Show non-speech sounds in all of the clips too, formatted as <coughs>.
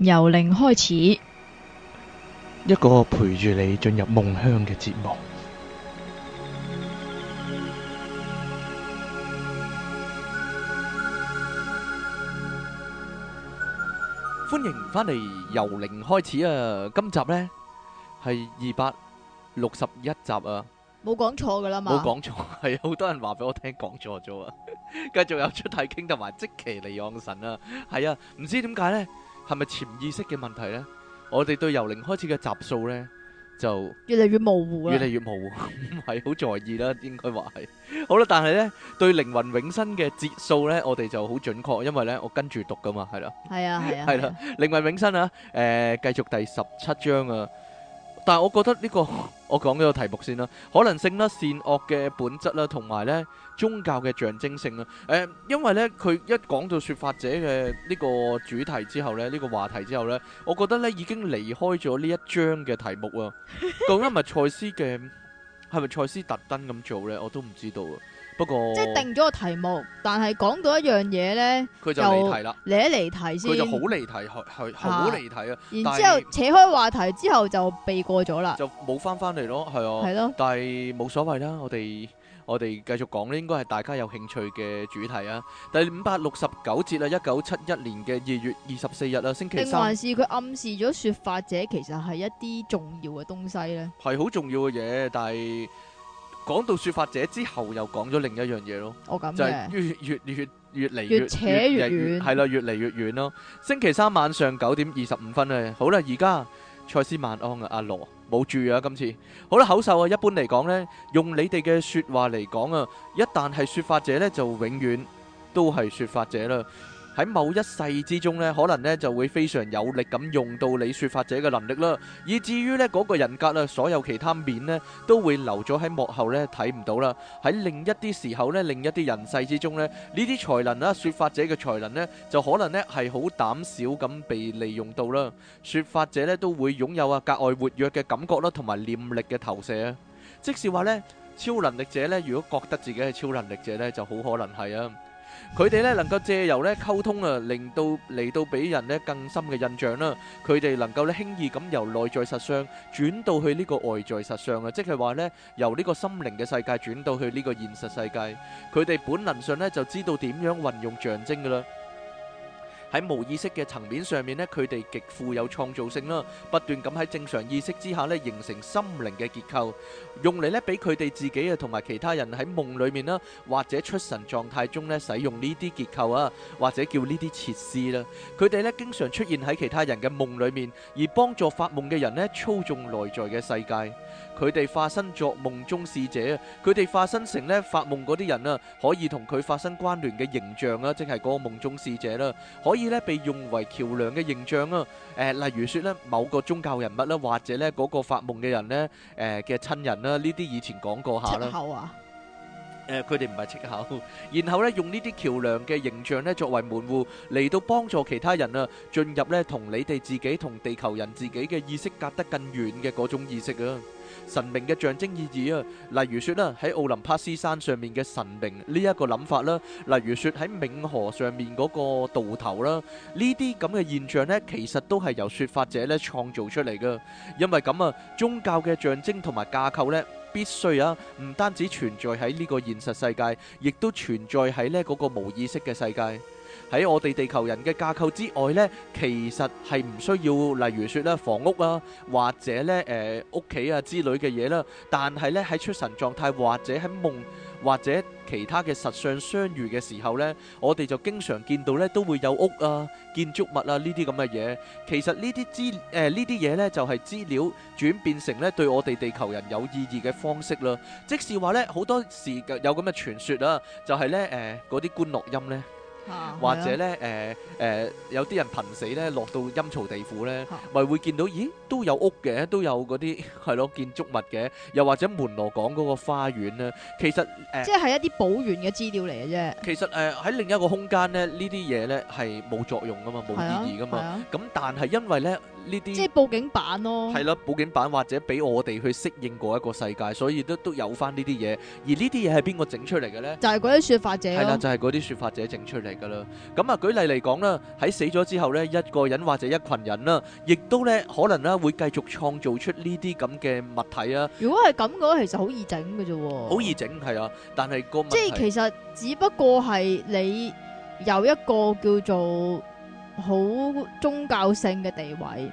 由零開始，一個陪住你進入夢鄉嘅節目。歡迎翻嚟由零開始啊！今集呢係二百六十一集啊，冇講錯噶啦嘛，冇講錯，係好多人話俾我聽講錯咗啊！繼續有出題傾同埋即期嚟養神啊！係啊，唔知點解呢？係咪潛意識嘅問題呢？我哋對由零開始嘅集數呢，就越嚟越模糊啦，越嚟越模糊，唔係好在意啦，應該話係。 <laughs> 好啦，但係呢，對靈魂永生嘅節數呢，我哋就好準確，因為呢，我跟住讀㗎嘛，係啦。係啊，係啊，係啦的的，靈魂永生啊，誒、呃，繼續第十七章啊。但係，我覺得呢、這個我講呢個題目先啦，可能性啦、啊、善惡嘅本質啦，同埋呢宗教嘅象徵性啦、啊。誒、呃，因為呢，佢一講到說法者嘅呢個主題之後呢，呢、這個話題之後呢，我覺得呢已經離開咗呢一章嘅題目啊。究竟唔係賽斯嘅，係咪賽斯特登咁做呢？我都唔知道啊。不過，即係定咗個題目，但係講到一樣嘢咧，佢就離題啦，你一離題先，佢就好離題，係係好離題啊！然之後扯開話題之後就避過咗啦，就冇翻翻嚟咯，係啊，係咯，但係冇所謂啦，我哋我哋繼續講咧，應該係大家有興趣嘅主題啊！第五百六十九節啊，一九七一年嘅二月二十四日啊，星期三，還是佢暗示咗說法者其實係一啲重要嘅東西咧，係好重要嘅嘢，但係。講到說法者之後，又講咗另一樣嘢咯，喔、就係越嚟越，越，越，越，越扯越遠，係啦，越嚟越遠咯。星期三晚上九點二十五分啊，好啦，而家賽斯晚安啊，阿羅冇注意啊，今次好啦，口授啊，一般嚟講呢，用你哋嘅說話嚟講啊，一旦係說法者呢，就永遠都係說法者啦。喺某一世之中呢，可能呢就會非常有力咁用到你說法者嘅能力啦，以至於呢嗰個人格啊，所有其他面呢都會留咗喺幕後呢，睇唔到啦。喺另一啲時候呢，另一啲人世之中呢，呢啲才能啊，說法者嘅才能呢，就可能呢係好膽小咁被利用到啦。說法者呢都會擁有啊格外活躍嘅感覺啦，同埋念力嘅投射啊。即是話呢，超能力者呢，如果覺得自己係超能力者呢，就好可能係啊。佢哋咧能夠借由咧溝通啊，令到嚟到畀人呢更深嘅印象啦。佢哋能夠咧輕易咁由內在實相轉到去呢個外在實相啊，即係話呢由呢個心靈嘅世界轉到去呢個現實世界。佢哋本能上呢就知道點樣運用象徵㗎喇。喺無意識嘅層面上面呢，佢哋極富有創造性啦，不斷咁喺正常意識之下呢形成心靈嘅結構。用嚟咧，俾佢哋自己啊，同埋其他人喺夢裏面啦，或者出神狀態中咧，使用呢啲結構啊，或者叫呢啲設施啦。佢哋咧經常出現喺其他人嘅夢裏面，而幫助發夢嘅人咧操縱內在嘅世界。佢哋化身作夢中使者啊，佢哋化身成咧發夢嗰啲人啊，可以同佢發生關聯嘅形象啦，即係嗰個夢中使者啦，可以咧被用為橋樑嘅形象啊。誒，例如說咧某個宗教人物啦，或者咧嗰個發夢嘅人咧，誒嘅親人啦。呢啲以前講過下啦。佢哋唔係出口，然後咧用呢啲橋樑嘅形象咧作為門戶嚟到幫助其他人啊進入咧同你哋自己同地球人自己嘅意識隔得更遠嘅嗰種意識啊。神明嘅象徵意義啊，例如說啦，喺奧林匹斯山上面嘅神明呢一個諗法啦，例如說喺冥河上面嗰個渡頭啦，呢啲咁嘅現象呢，其實都係由說法者咧創造出嚟嘅，因為咁啊，宗教嘅象徵同埋架構呢，必須啊唔單止存在喺呢個現實世界，亦都存在喺呢嗰個無意識嘅世界。喺我哋地球人嘅架構之外咧，其實係唔需要，例如說咧房屋啊，或者咧誒屋企啊之類嘅嘢啦。但係咧喺出神狀態或者喺夢或者其他嘅實相相遇嘅時候咧，我哋就經常見到咧都會有屋啊、建築物啊呢啲咁嘅嘢。其實呢啲資誒呢啲嘢咧就係資料轉變成咧對我哋地球人有意義嘅方式啦。即是話咧好多時有咁嘅傳說啦，就係咧誒嗰啲觀落陰咧。啊、或者呢，誒誒、啊呃呃，有啲人瀕死呢，落到陰曹地府呢，咪、啊、會見到咦？都有屋嘅，都有嗰啲係咯建築物嘅，又或者門羅港嗰個花園咧。其實誒，即係一啲保園嘅資料嚟嘅啫。其實誒，喺另一個空間咧，呢啲嘢咧係冇作用噶嘛，冇意義噶嘛。咁但係因為咧呢啲即係報警板咯，係咯，報警板或者俾我哋去適應過一個世界，所以都都有翻呢啲嘢。而呢啲嘢係邊個整出嚟嘅咧？就係嗰啲說法者。係啦，就係嗰啲說法者整出嚟噶啦。咁啊，舉例嚟講啦，喺死咗之後咧，一個人或者一群人啦，亦都咧可能啦。會繼續創造出呢啲咁嘅物體啊！如果係咁嘅話，其實好易整㗎啫。好易整係啊， <noise> 但係個即係其實只不過係你有一個叫做好宗教性嘅地位，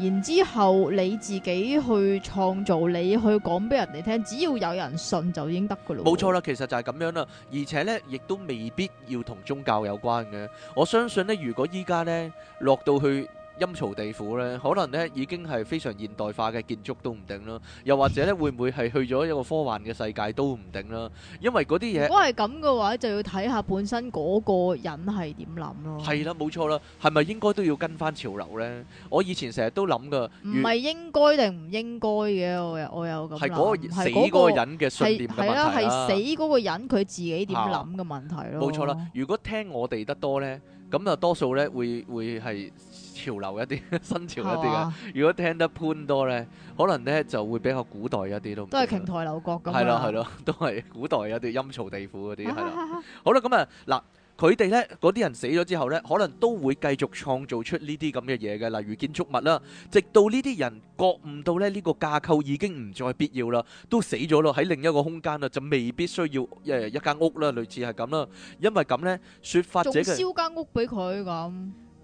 然之後你自己去創造，你去講俾人哋聽，只要有人信就已經得噶啦。冇錯啦，其實就係咁樣啦。而且咧，亦都未必要同宗教有關嘅。我相信咧，如果依家咧落到去。陰曹地府咧，可能咧已經係非常現代化嘅建築都唔定啦，又或者咧會唔會係去咗一個科幻嘅世界都唔定啦，因為嗰啲嘢。如果係咁嘅話，就要睇下本身嗰個人係點諗咯。係啦，冇錯啦，係咪應該都要跟翻潮流咧？我以前成日都諗噶。唔係應該定唔應該嘅，我有我有咁諗。係嗰個死嗰個人嘅信念嘅問題啦。係啊，係死嗰個人佢自己點諗嘅問題咯。冇錯啦，如果聽我哋得多咧。咁啊，就多數咧會會係潮流一啲，新潮一啲嘅。啊、如果聽得潘多咧，可能咧就會比較古代一啲都，都係亭台樓閣咁啊，係咯，係咯，都係古代一啲陰曹地府嗰啲係啦。啊啊、好啦，咁啊嗱。佢哋咧，嗰啲人死咗之後咧，可能都會繼續創造出呢啲咁嘅嘢嘅，例如建築物啦，直到呢啲人覺悟到咧呢個架構已經唔再必要啦，都死咗咯，喺另一個空間啦，就未必需要誒一間屋啦，類似係咁啦。因為咁咧，説法者嘅做燒間屋俾佢咁，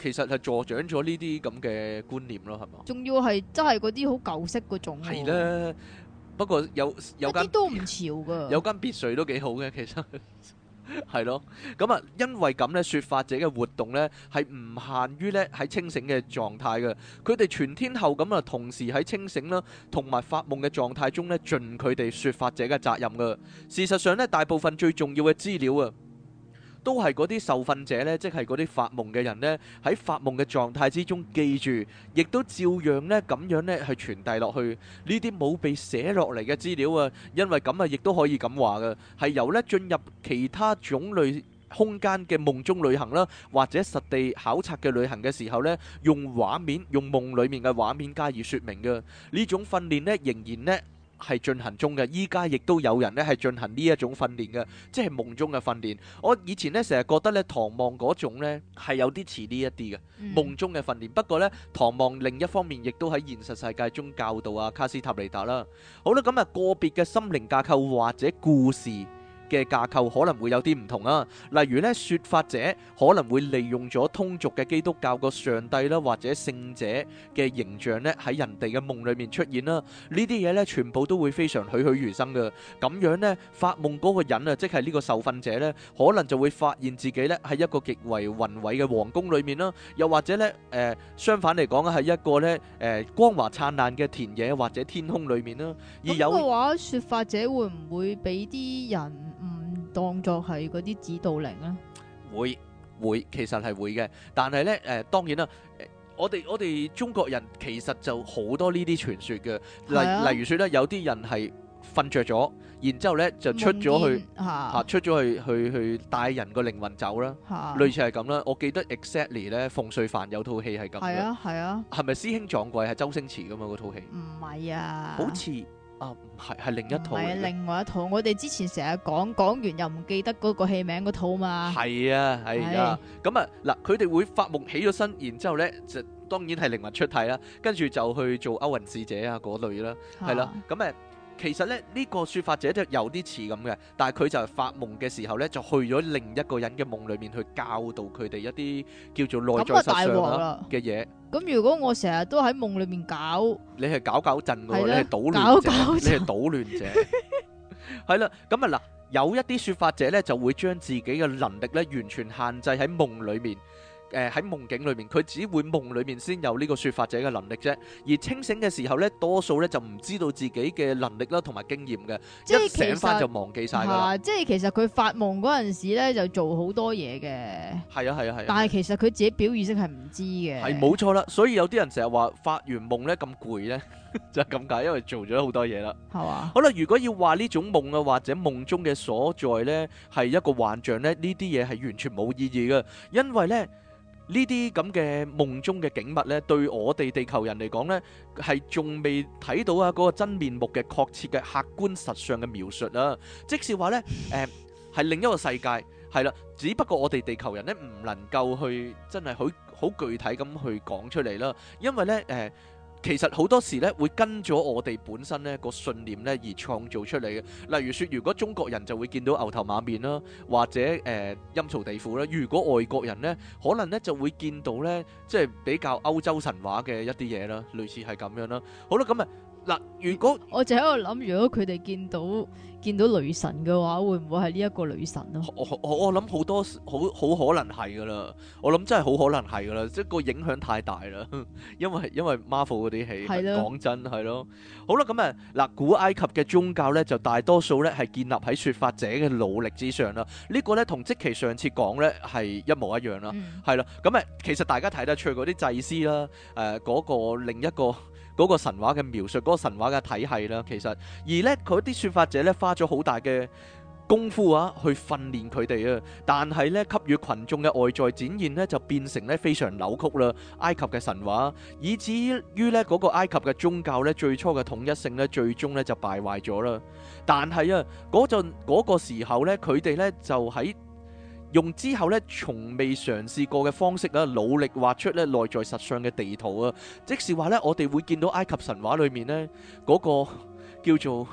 其實係助長咗呢啲咁嘅觀念咯，係嘛？仲要係真係嗰啲好舊式嗰種。係啦，不過有有間一啲都唔潮㗎，有間別墅都幾好嘅，其實。係咯，咁啊，因為咁呢說法者嘅活動呢，係唔限於呢喺清醒嘅狀態嘅，佢哋全天候咁啊，同時喺清醒啦，同埋發夢嘅狀態中呢，盡佢哋說法者嘅責任噶。事實上呢，大部分最重要嘅資料啊。都係嗰啲受訓者呢，即係嗰啲發夢嘅人呢，喺發夢嘅狀態之中記住，亦都照樣呢咁樣呢係傳遞落去呢啲冇被寫落嚟嘅資料啊，因為咁啊，亦都可以咁話嘅，係由呢進入其他種類空間嘅夢中旅行啦，或者實地考察嘅旅行嘅時候呢，用畫面、用夢裡面嘅畫面加以説明嘅呢種訓練呢，仍然呢。係進行中嘅，依家亦都有人咧係進行呢一種訓練嘅，即係夢中嘅訓練。我以前咧成日覺得咧唐望嗰種咧係有啲似呢一啲嘅夢中嘅訓練，不過咧唐望另一方面亦都喺現實世界中教導啊卡斯塔尼達啦。好啦，咁啊個別嘅心靈架構或者故事。嘅架構可能會有啲唔同啊，例如咧説法者可能會利用咗通俗嘅基督教個上帝啦，或者聖者嘅形象咧喺人哋嘅夢裏面出現啦，呢啲嘢咧全部都會非常栩栩如生嘅。咁樣咧發夢嗰個人啊，即係呢個受訓者咧，可能就會發現自己咧喺一個極為宏偉嘅皇宮裏面啦，又或者咧誒相反嚟講啊，係一個咧誒光華燦爛嘅田野或者天空裏面啦。咁嘅話説法者會唔會俾啲人？當作係嗰啲指導靈咧，會會其實係會嘅，但係咧誒，當然啦、呃，我哋我哋中國人其實就好多呢啲傳說嘅，是啊、例例如說咧，有啲人係瞓着咗，然之後咧就出咗去吓、啊啊、出咗去去去帶人個靈魂走啦，是啊、類似係咁啦。我記得 exactly 咧，馮瑞凡有套戲係咁，係啊係啊，係咪師兄撞鬼係周星馳噶嘛？嗰套戲唔係啊，好 <noise> 似。唔係係、啊、另一套，係另外一套。我哋之前成日講講完又唔記得嗰個戲名嗰套嘛。係啊係啊，咁啊嗱，佢哋、啊嗯、會發夢起咗身，然之後咧就當然係靈魂出體啦，跟住就去做歐云使者啊嗰類啦，係啦、啊，咁、嗯、誒。其實咧呢、這個說法者就有啲似咁嘅，但係佢就係發夢嘅時候咧，就去咗另一個人嘅夢裏面去教導佢哋一啲叫做內在實相嘅嘢。咁如果我成日都喺夢裏面搞，你係搞搞震，的你係搗亂者，搞搞你係搗亂者。係啦、嗯，咁啊嗱，有一啲說法者咧就會將自己嘅能力咧完全限制喺夢裏面。誒喺夢境裏面，佢只會夢裏面先有呢個說法者嘅能力啫。而清醒嘅時候咧，多數咧就唔知道自己嘅能力啦，同埋經驗嘅。一醒翻就忘記曬啦。即係其實佢發夢嗰陣時咧，就做好多嘢嘅。係啊係啊係啊。但係其實佢自己表意識係唔知嘅。係冇錯啦，所以有啲人成日話發完夢咧咁攰咧，就係咁解，因為做咗好多嘢啦。係嘛？好啦，如果要話呢種夢嘅話，或者夢中嘅所在咧係一個幻象咧，呢啲嘢係完全冇意義嘅，因為咧。呢啲咁嘅夢中嘅景物呢，對我哋地球人嚟講呢，係仲未睇到啊嗰個真面目嘅確切嘅客觀實相嘅描述啦、啊。即使話呢，誒、呃、係另一個世界，係啦，只不過我哋地球人呢，唔能夠去真係好好具體咁去講出嚟啦，因為呢。誒、呃。其實好多時咧會跟咗我哋本身咧個信念咧而創造出嚟嘅，例如說，如果中國人就會見到牛頭馬面啦，或者誒陰曹地府啦；如果外國人咧，可能咧就會見到咧，即係比較歐洲神話嘅一啲嘢啦，類似係咁樣啦。好啦，咁啊。嗱，如果我就喺度諗，如果佢哋見到見到女神嘅話，會唔會係呢一個女神咧？我我諗好多，好好可能係噶啦，我諗真係好可能係噶啦，即個影響太大啦， <laughs> 因為因為 Marvel 嗰啲戲，講的真係咯。 <laughs> 好啦，咁啊，嗱，古埃及嘅宗教咧，就大多數咧係建立喺説法者嘅努力之上啦。這個、呢個咧同即期上次講咧係一模一樣啦，係啦、嗯。咁啊，其實大家睇得出嗰啲祭司啦，誒、呃、嗰、那個另一個。嗰個神話嘅描述，嗰個神話嘅體系啦，其實而呢，佢啲説法者呢，花咗好大嘅功夫啊，去訓練佢哋啊，但係呢，給予群眾嘅外在展現呢，就變成呢非常扭曲啦。埃及嘅神話，以至於呢嗰個埃及嘅宗教呢，最初嘅統一性呢，最終呢就敗壞咗啦。但係啊，嗰陣嗰個時候呢，佢哋呢就喺，用之後咧，從未嘗試過嘅方式咧，努力畫出咧內在實相嘅地圖啊，即是話咧，我哋會見到埃及神話裏面咧嗰個叫做。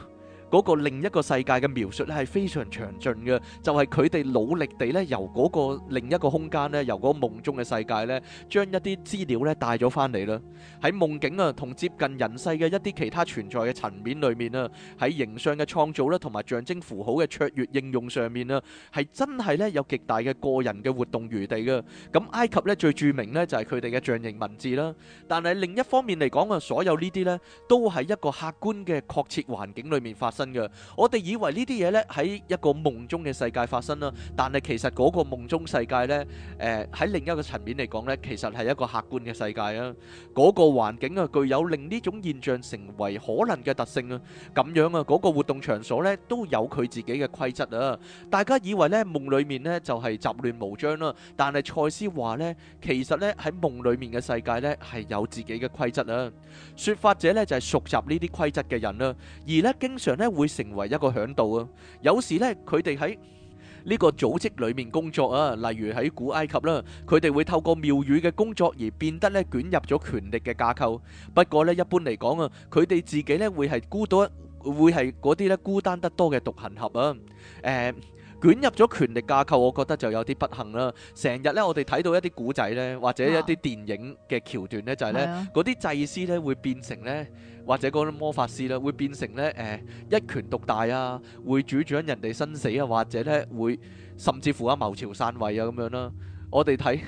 嗰個另一個世界嘅描述咧係非常詳盡嘅，就係佢哋努力地咧由嗰個另一個空間咧，由嗰個夢中嘅世界咧，將一啲資料咧帶咗翻嚟啦。喺夢境啊，同接近人世嘅一啲其他存在嘅層面裏面啊，喺形象嘅創造啦，同埋象徵符號嘅卓越應用上面啊，係真係咧有極大嘅個人嘅活動餘地嘅。咁埃及咧最著名咧就係佢哋嘅象形文字啦。但係另一方面嚟講啊，所有呢啲咧都喺一個客觀嘅確切環境裏面發生。真嘅，我哋以為呢啲嘢咧喺一個夢中嘅世界發生啦，但係其實嗰個夢中世界咧，誒喺另一個層面嚟講咧，其實係一個客觀嘅世界啊。嗰個環境啊，具有令呢種現象成為可能嘅特性啊。咁樣啊，嗰個活動場所咧都有佢自己嘅規則啊。大家以為咧夢裏面咧就係雜亂無章啦，但係賽斯話咧，其實咧喺夢裏面嘅世界咧係有自己嘅規則啊。說法者咧就係熟習呢啲規則嘅人啦，而咧經常咧。會成為一個嚮導啊！有時咧，佢哋喺呢個組織裏面工作啊，例如喺古埃及啦，佢哋會透過廟宇嘅工作而變得咧捲入咗權力嘅架構。不過咧，一般嚟講啊，佢哋自己咧會係孤獨，會係嗰啲咧孤單得多嘅獨行俠啊。誒，捲入咗權力架構，我覺得就有啲不幸啦。成日咧，我哋睇到一啲古仔咧，或者一啲電影嘅橋段咧，就係咧嗰啲祭司咧會變成咧。或者嗰啲魔法師啦，會變成咧誒一拳獨大啊，會主掌人哋生死啊，或者咧會甚至乎啊謀朝篡位啊咁樣啦。我哋睇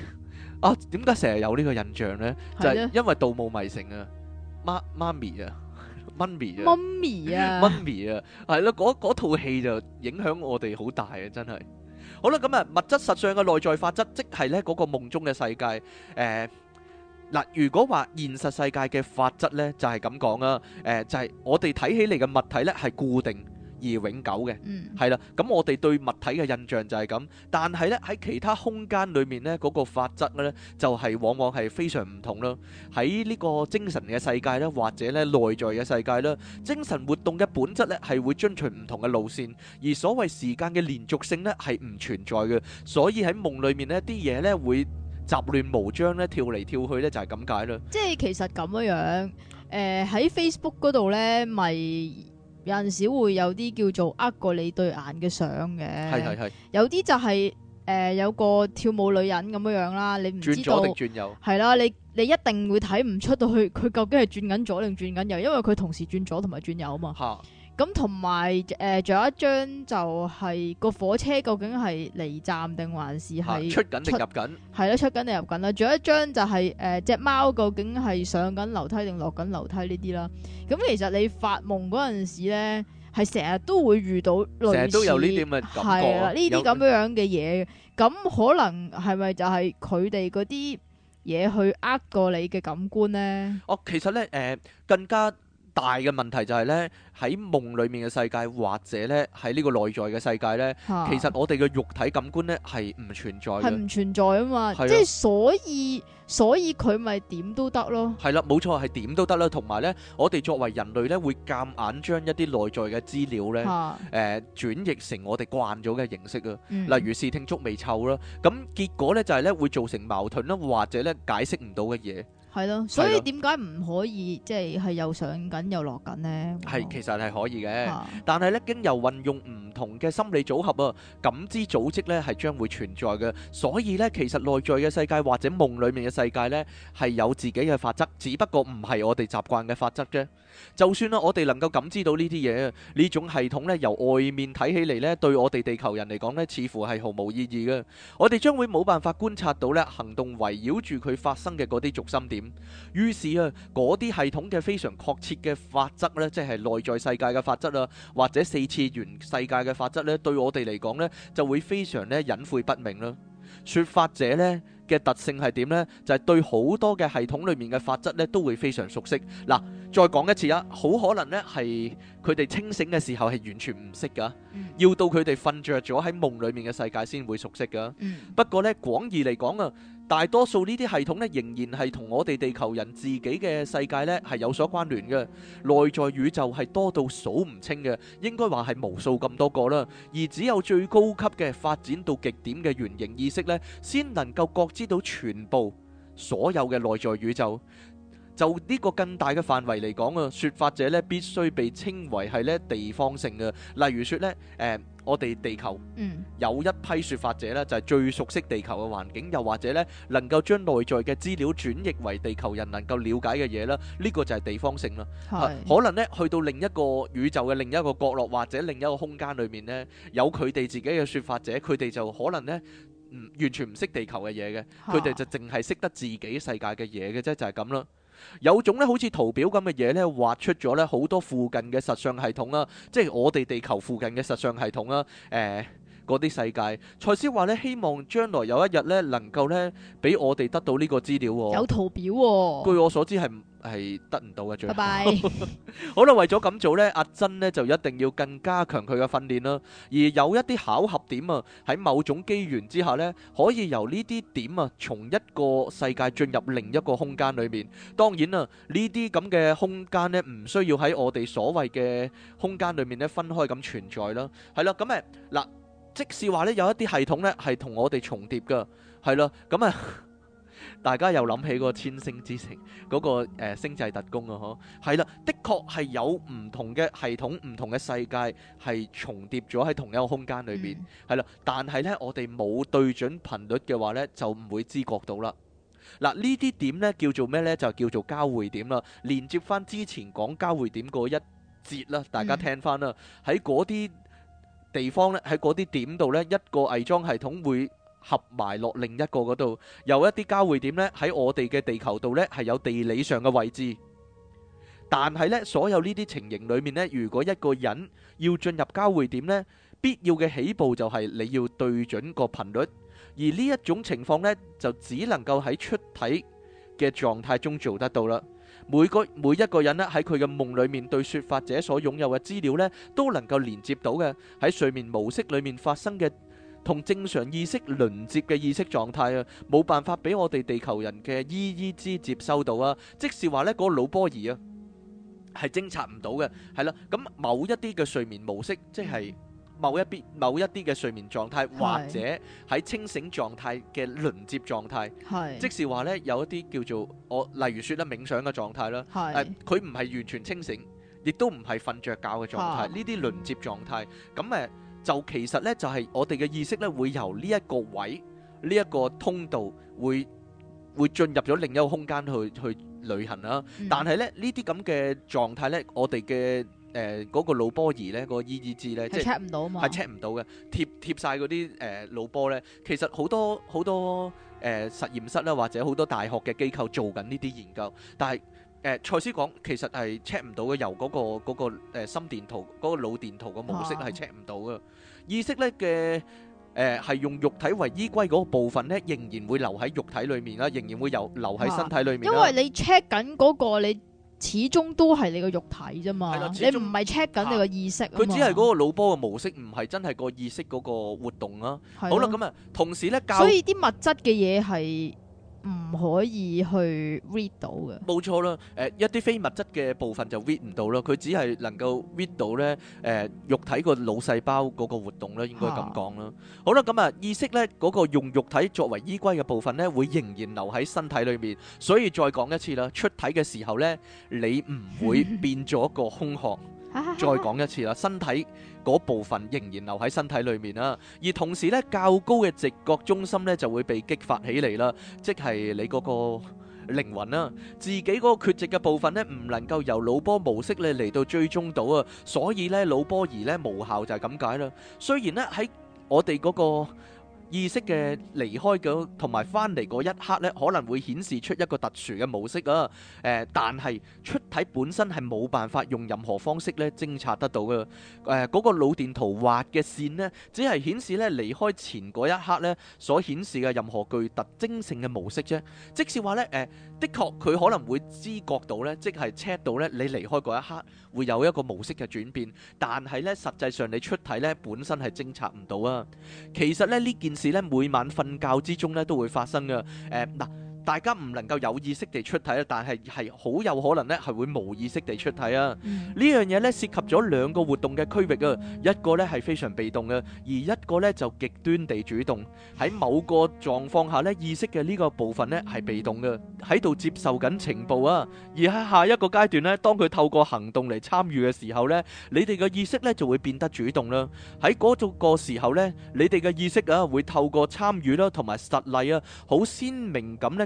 啊，點解成日有呢個印象咧？就係因為《盜墓迷城》啊，媽媽咪啊，媽咪啊，媽咪啊，媽咪啊，係咯，嗰嗰套戲就影響我哋好大啊，真係。好啦，咁啊物質實相嘅內在法則，即係咧嗰個夢中嘅世界誒。嗱，如果話現實世界嘅法則呢，就係咁講啦。誒、呃，就係、是、我哋睇起嚟嘅物體呢，係固定而永久嘅，係啦、嗯，咁我哋對物體嘅印象就係咁。但係呢，喺其他空間裏面呢，嗰、那個法則呢，就係、是、往往係非常唔同咯。喺呢個精神嘅世界呢，或者呢內在嘅世界呢，精神活動嘅本質呢，係會遵循唔同嘅路線，而所謂時間嘅連續性呢，係唔存在嘅。所以喺夢裏面呢啲嘢呢，會。雜亂無章咧，跳嚟跳去咧就係咁解囉。即係其實咁樣樣，誒喺 Facebook 嗰度咧，咪有陣時會有啲叫做呃過你對眼嘅相嘅。係係係，有啲就係、是、誒、呃、有個跳舞女人咁樣樣啦，你唔知左定轉右，係啦，你你一定會睇唔出到去佢究竟係轉緊左定轉緊右，因為佢同時轉左同埋轉右啊嘛。咁同埋誒，仲有、呃、有一張就係個火車究竟係離站定還是係出、啊、出緊定入緊？係啦，出緊定入緊啦！仲有一張就係誒隻貓究竟係上緊樓梯定落緊樓梯呢啲啦。咁其實你發夢嗰陣時咧，係成日都會遇到類似，都有呢啲咁樣嘅感覺，係啦，呢啲咁樣樣嘅嘢。咁有可能係咪就係佢哋嗰啲嘢去呃過你嘅感官咧？哦，其實咧誒、呃、更加。大嘅問題就係咧，喺夢裏面嘅世界，或者咧喺呢個內在嘅世界咧，啊、其實我哋嘅肉體感官咧係唔存在嘅，係唔存在啊嘛，啊即係所以所以佢咪點都得咯，係啦、啊，冇錯係點都得啦，同埋咧，我哋作為人類咧，會夾硬將一啲內在嘅資料咧，誒、啊呃、轉譯成我哋慣咗嘅形式啊，嗯、例如視聽觸味嗅啦，咁結果咧就係咧會造成矛盾啦，或者咧解釋唔到嘅嘢。係咯，所以點解唔可以即係又上緊又落緊呢？係其實係可以嘅，但係咧經由運用唔同嘅心理組合啊，感知組織咧係將會存在嘅。所以咧，其實內在嘅世界或者夢裡面嘅世界咧係有自己嘅法則，只不過唔係我哋習慣嘅法則啫。就算啦，我哋能夠感知到呢啲嘢，呢種系統咧由外面睇起嚟咧，對我哋地球人嚟講咧，似乎係毫無意義嘅。我哋將會冇辦法觀察到咧行動圍繞住佢發生嘅嗰啲軸心點。於是啊，嗰啲系統嘅非常確切嘅法則咧，即係內在世界嘅法則啊，或者四次元世界嘅法則咧，對我哋嚟講咧，就會非常咧隱晦不明啦。說法者呢。嘅特性係點呢？就係、是、對好多嘅系統裏面嘅法則呢，都會非常熟悉。嗱，再講一次啊，好可能呢係佢哋清醒嘅時候係完全唔識噶，嗯、要到佢哋瞓着咗喺夢裏面嘅世界先會熟悉噶。嗯、不過呢，廣義嚟講啊。大多數呢啲系統咧，仍然係同我哋地球人自己嘅世界咧係有所關聯嘅。內在宇宙係多到數唔清嘅，應該話係無數咁多個啦。而只有最高級嘅發展到極點嘅圓形意識咧，先能夠覺知到全部所有嘅內在宇宙。就呢個更大嘅範圍嚟講啊，説法者咧必須被稱為係咧地方性嘅。例如説咧，誒我哋地球嗯有一批説法者咧，就係最熟悉地球嘅環境，又或者咧能夠將內在嘅資料轉譯為地球人能夠瞭解嘅嘢啦。呢個就係地方性啦。可能咧去到另一個宇宙嘅另一個角落或者另一個空間裏面咧，有佢哋自己嘅説法者，佢哋就可能咧唔完全唔識地球嘅嘢嘅，佢哋就淨係識得自己世界嘅嘢嘅啫，就係咁啦。有種咧好似圖表咁嘅嘢咧，畫出咗咧好多附近嘅實相系統啦，即係我哋地球附近嘅實相系統啦。誒、呃，嗰啲世界，賽斯話咧希望將來有一日咧能夠咧俾我哋得到呢個資料喎。有圖表喎、哦。據我所知係。係得唔到嘅最好。拜拜。好啦，為咗咁做呢，阿珍呢就一定要更加強佢嘅訓練啦。而有一啲巧合點啊，喺某種機緣之下呢，可以由呢啲點啊，從一個世界進入另一個空間裏面。當然啦，呢啲咁嘅空間呢，唔需要喺我哋所謂嘅空間裏面呢分開咁存在啦。係啦，咁誒、嗱，即使話呢有一啲系統呢係同我哋重疊噶，係啦，咁誒。大家又諗起個千星之城嗰，那個誒、呃、星際特工啊，嗬，係啦，的確係有唔同嘅系統、唔同嘅世界係重疊咗喺同一個空間裏邊，係啦，嗯。但係呢，我哋冇對準頻率嘅話呢，就唔會知覺到啦。嗱、啊，呢啲點呢，叫做咩呢？就叫做交匯點啦。連接翻之前講交匯點嗰一節啦，大家聽翻啦。喺嗰啲地方呢，喺嗰啲點度呢，一個偽裝系統會合埋落另一個嗰度，有一啲交匯點呢，喺我哋嘅地球度呢係有地理上嘅位置。但係呢，所有呢啲情形裏面呢，如果一個人要進入交匯點呢，必要嘅起步就係你要對準個頻率。而呢一種情況呢，就只能夠喺出體嘅狀態中做得到啦。每個每一個人呢，喺佢嘅夢裏面，對說法者所擁有嘅資料呢，都能夠連接到嘅喺睡眠模式裏面發生嘅。同正常意識連接嘅意識狀態啊，冇辦法俾我哋地球人嘅 EEG 接收到啊！即是話咧，嗰個腦波儀啊，係偵察唔到嘅，係啦。咁某一啲嘅睡眠模式，即係某一啲某一啲嘅睡眠狀態，或者喺清醒狀態嘅連接狀態，係，即是話咧有一啲叫做我，例如説咧冥想嘅狀態啦，係，佢唔係完全清醒，亦都唔係瞓著覺嘅狀態，呢啲連接狀態，咁誒。就其實咧，就係、是、我哋嘅意識咧，會由呢一個位，呢、這、一個通道，會會進入咗另一個空間去去旅行啦、啊。嗯、但係咧，這這呢啲咁嘅狀態咧，我哋嘅誒嗰個腦波儀咧，個 EEG 咧，即係 check 唔到嘛，係 check 唔到嘅，貼貼曬嗰啲誒腦波咧。其實好多好多誒、呃、實驗室啦、啊，或者好多大學嘅機構做緊呢啲研究，但係。誒，賽斯講其實係 check 唔到嘅，由嗰個嗰個誒心電圖、嗰個腦電圖嘅模式係 check 唔到嘅。意識咧嘅誒係用肉體為依歸嗰個部分咧，仍然會留喺肉體裡面啦，仍然會有留喺身體裡面。因為你 check 緊嗰個，你始終都係你個肉體啫嘛，你唔係 check 緊你個意識啊嘛。佢只係嗰個腦波嘅模式，唔係真係個意識嗰個活動啊。好啦，咁啊，同時咧教，所以啲物質嘅嘢係。唔可以去 read 到嘅，冇錯啦。誒、呃，一啲非物質嘅部分就 read 唔到咯。佢只係能夠 read 到咧，誒、呃，肉體個腦細胞嗰個活動啦，應該咁講啦。啊、好啦，咁啊，意識咧嗰、那個用肉體作為依歸嘅部分咧，會仍然留喺身體裏面。所以再講一次啦，出體嘅時候咧，你唔會變咗個空殼。 <laughs> 再講一次啦，身體嗰部分仍然留喺身體裏面啦，而同時咧較高嘅直覺中心咧就會被激發起嚟啦，即係你嗰個靈魂啦，自己嗰個缺席嘅部分呢，唔能夠由腦波模式咧嚟到追蹤到啊，所以呢，腦波儀呢無效就係咁解啦。雖然呢，喺我哋嗰個。意識嘅離開嘅同埋翻嚟嗰一刻咧，可能會顯示出一個特殊嘅模式啊！誒、呃，但係出體本身係冇辦法用任何方式咧偵察得到嘅。誒、呃，嗰個腦電圖畫嘅線呢，只係顯示咧離開前嗰一刻呢所顯示嘅任何具特徵性嘅模式啫。即使話呢。誒、呃。的確，佢可能會知覺到呢即係 check 到呢你離開嗰一刻會有一個模式嘅轉變，但係呢，實際上你出體呢本身係偵察唔到啊。其實呢呢件事呢，每晚瞓覺之中呢都會發生噶，嗱、呃。大家唔能夠有意識地出體啊，但係係好有可能咧，係會無意識地出體啊。呢樣嘢咧涉及咗兩個活動嘅區域啊。一個咧係非常被動嘅，而一個咧就極端地主動。喺某個狀況下咧，意識嘅呢個部分咧係被動嘅，喺度接受緊情報啊。而喺下一個階段咧，當佢透過行動嚟參與嘅時候咧，你哋嘅意識咧就會變得主動啦。喺嗰種個時候咧，你哋嘅意識啊會透過參與啦同埋實例啊，好鮮明咁咧，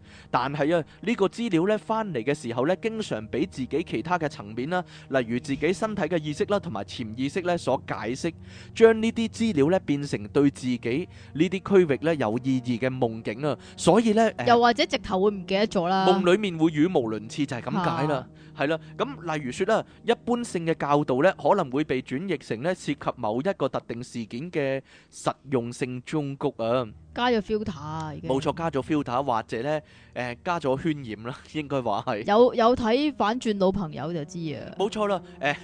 但係啊，呢、這個資料咧翻嚟嘅時候咧，經常俾自己其他嘅層面啦、啊，例如自己身體嘅意識啦、啊，同埋潛意識咧所解釋，將呢啲資料咧變成對自己呢啲區域咧有意義嘅夢境啊。所以咧，又或者直頭會唔記得咗啦。夢裏面會語無倫次就係咁解啦，係啦、啊。咁、嗯、例如說啦、啊，一般性嘅教導咧，可能會被轉譯成咧涉及某一個特定事件嘅實用性忠告啊。加咗 filter 冇錯，加咗 filter 或者咧，誒、呃、加咗渲染啦，應該話係。有有睇反轉老朋友就知啊。 <laughs> 冇錯啦，誒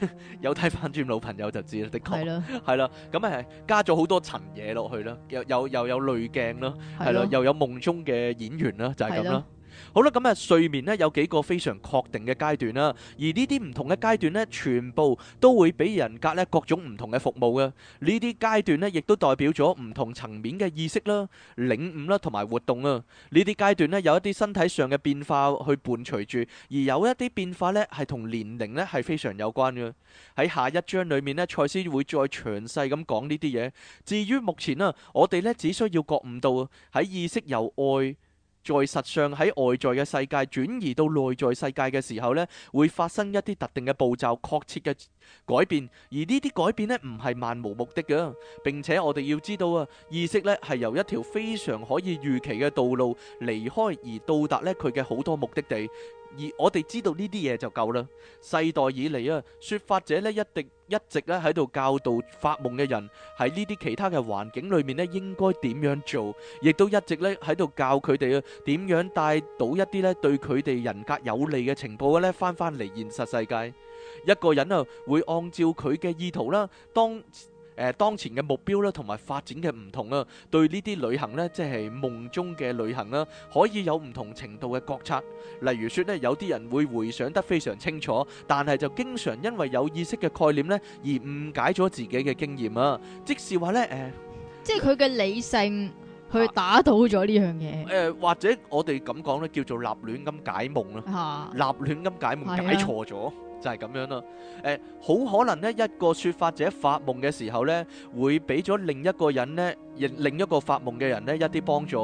有睇反轉老朋友就知啦，的確係啦，係啦，咁、嗯、誒加咗好多層嘢落去啦，又又又有濾鏡啦，係啦，又有夢中嘅演員啦，就係咁啦。好啦，咁啊，睡眠咧有幾個非常確定嘅階段啦，而呢啲唔同嘅階段咧，全部都會俾人格咧各種唔同嘅服務嘅。呢啲階段咧，亦都代表咗唔同層面嘅意識啦、領悟啦同埋活動啊。呢啲階段咧，有一啲身體上嘅變化去伴隨住，而有一啲變化咧係同年齡咧係非常有關嘅。喺下一章裏面咧，賽斯會再詳細咁講呢啲嘢。至於目前啊，我哋咧只需要覺悟到喺意識有愛。在實上喺外在嘅世界轉移到內在世界嘅時候呢，會發生一啲特定嘅步驟、確切嘅改變。而呢啲改變呢，唔係漫無目的嘅。並且我哋要知道啊，意識呢係由一條非常可以預期嘅道路離開而到達呢佢嘅好多目的地。而我哋知道呢啲嘢就夠啦。世代以嚟啊，説法者咧一定一直咧喺度教導發夢嘅人，喺呢啲其他嘅環境裏面咧應該點樣做，亦都一直咧喺度教佢哋啊點樣帶到一啲咧對佢哋人格有利嘅情報咧翻返嚟現實世界。一個人啊會按照佢嘅意圖啦，當。誒當前嘅目標咧，同埋發展嘅唔同啊，對呢啲旅行咧，即係夢中嘅旅行啦，可以有唔同程度嘅覺察。例如說咧，有啲人會回想得非常清楚，但係就經常因為有意識嘅概念咧，而誤解咗自己嘅經驗啊。即是話咧，誒，即係佢嘅理性去打倒咗呢樣嘢。誒，或者我哋咁講咧，叫做立亂咁解夢啦，立亂咁解夢解錯咗。就係咁樣咯，誒，好可能咧，一個說法者發夢嘅時候咧，會俾咗另一個人咧，另另一個發夢嘅人咧一啲幫助。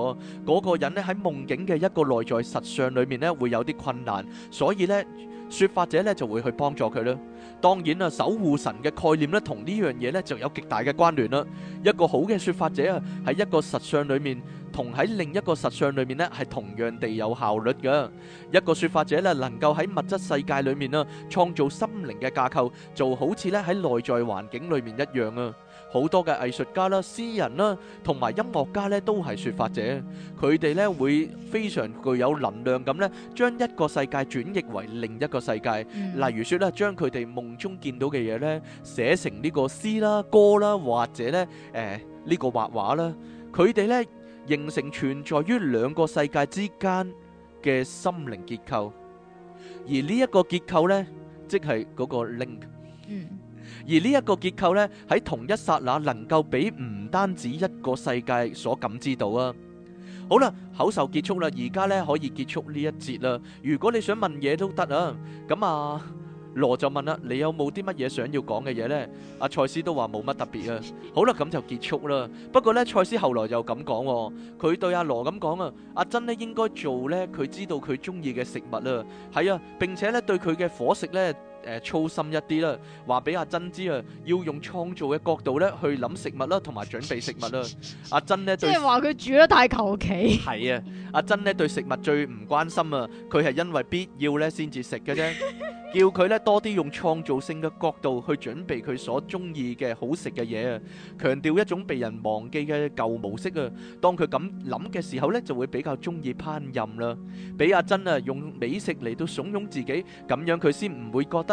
嗰個人咧喺夢境嘅一個內在實相裏面咧，會有啲困難，所以咧說法者咧就會去幫助佢咯。當然啦，守護神嘅概念咧同呢樣嘢咧就有極大嘅關聯啦。一個好嘅說法者啊，喺一個實相裏面。同喺另一個實相裏面咧，係同樣地有效率嘅一個說法者咧，能夠喺物質世界裏面啊，創造心靈嘅架構，就好似咧喺內在環境裏面一樣啊。好多嘅藝術家啦、詩人啦，同埋音樂家咧，都係說法者。佢哋咧會非常具有能量感咧，將一個世界轉譯為另一個世界。例如說咧，將佢哋夢中見到嘅嘢咧，寫成呢個詩啦、歌啦，或者咧誒呢個畫畫啦，佢哋咧。形成存在於兩個世界之間嘅心靈結構，而呢一個結構呢，即係嗰個 link，而呢一個結構呢，喺同一剎那能夠俾唔單止一個世界所感知到啊。好啦，口授結束啦，而家呢可以結束呢一節啦。如果你想問嘢都得啊，咁啊。羅就問啦、啊，你有冇啲乜嘢想要講嘅嘢呢？」阿賽斯都話冇乜特別啊。好啦，咁就結束啦。不過呢，賽斯後來又咁講、啊，佢對阿羅咁講啊，阿珍咧應該做呢，佢知道佢中意嘅食物啦，係啊，並且呢對佢嘅伙食呢。誒，操心一啲啦，話俾阿珍知啊，要用創造嘅角度咧去諗食物啦，同埋準備食物啦。阿珍咧，即係話佢煮得太求其。係啊，阿珍咧對食物最唔關心啊，佢係因為必要咧先至食嘅啫。叫佢咧多啲用創造性嘅角度去準備佢所中意嘅好食嘅嘢啊，強調一種被人忘記嘅舊模式啊。當佢咁諗嘅時候咧，就會比較中意烹飪啦。俾阿珍啊，用美食嚟到慫恿自己，咁樣佢先唔會覺得。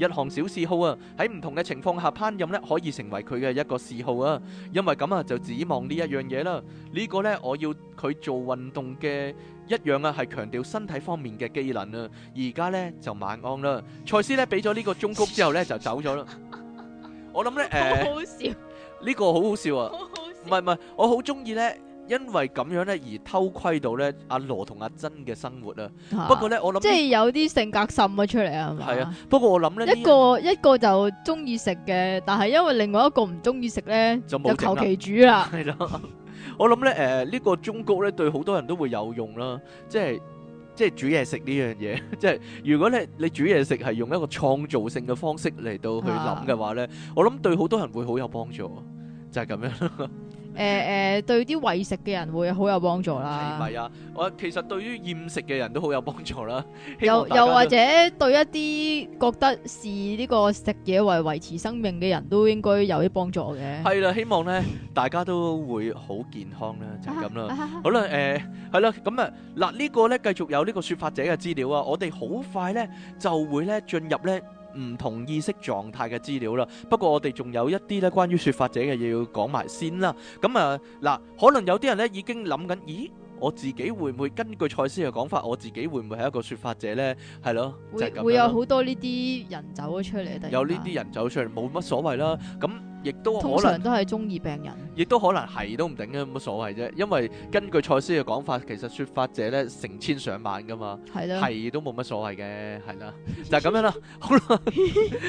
一項小嗜好啊，喺唔同嘅情況下烹飪咧可以成為佢嘅一個嗜好啊，因為咁啊就指望呢一樣嘢啦。這個、呢個咧我要佢做運動嘅一樣啊係強調身體方面嘅技能啊。而家咧就晚安啦，賽斯咧俾咗呢個忠告之後咧就走咗啦。 <laughs> 我諗咧、呃、笑，呢個好好笑啊，唔係唔係，我好中意咧。因為咁樣咧而偷窺到咧阿羅同阿珍嘅生活啦，不過咧我諗即係有啲性格滲咗出嚟啊，係啊，不過我諗咧一個一個就中意食嘅，但係因為另外一個唔中意食咧就求其煮啦。係啦，我諗咧誒呢個中國咧對好多人都會有用啦，即係即係煮嘢食呢樣嘢，即係如果你你煮嘢食係用一個創造性嘅方式嚟到去諗嘅話咧，我諗對好多人會好有幫助，就係咁樣。誒誒、呃呃，對啲為食嘅人會好有幫助啦。係啊，我其實對於厭食嘅人都好有幫助啦。又又或者對一啲覺得視呢個食嘢為維持生命嘅人都應該有啲幫助嘅。係啦，希望咧，大家都會好健康啦，就係咁啦。 <laughs> 好啦，誒、呃，係啦，咁、這、啊、個，嗱，呢個咧繼續有呢個説法者嘅資料啊，我哋好快咧就會咧進入咧。唔同意識狀態嘅資料啦，不過我哋仲有一啲咧關於説法者嘅嘢要講埋先啦。咁、嗯、啊，嗱、呃呃，可能有啲人咧已經諗緊，咦？我自己會唔會根據賽斯嘅講法，我自己會唔會係一個説法者咧？係咯，會會有好多呢啲人走咗出嚟。有呢啲人走出嚟冇乜所謂啦。咁亦都通常都係中二病人。亦都可能係都唔定嘅，冇乜所謂啫。因為根據賽斯嘅講法，其實説法者咧成千上萬噶嘛，係都冇乜所謂嘅，係啦。就係咁樣啦，好啦，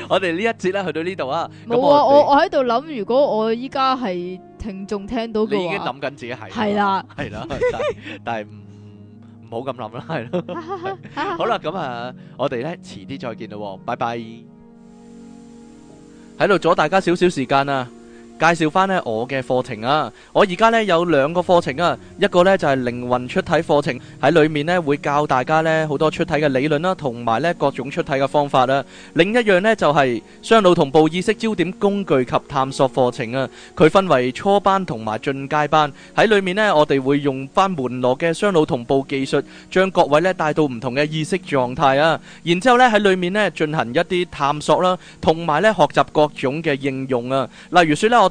我哋呢一節咧去到呢度啊。冇啊，我我喺度諗，如果我依家係。聽眾聽到嘅話，你已經諗緊自己係，係是啦，係 <laughs> 啦，但係唔唔好咁諗啦，係咯， <laughs> <laughs> 好啦，咁 <laughs> 啊，我哋咧遲啲再見啦，拜拜，喺度阻大家少少時間啊。介紹翻呢我嘅課程啊，我而家呢有兩個課程啊，一個呢就係靈魂出體課程，喺裏面呢會教大家呢好多出體嘅理論啦，同埋呢各種出體嘅方法啊。另一樣呢就係雙腦同步意識焦點工具及探索課程啊，佢分為初班同埋進階班，喺裏面呢我哋會用翻門羅嘅雙腦同步技術，將各位呢帶到唔同嘅意識狀態啊，然之後呢喺裏面呢進行一啲探索啦，同埋呢學習各種嘅應用啊，例如說呢我。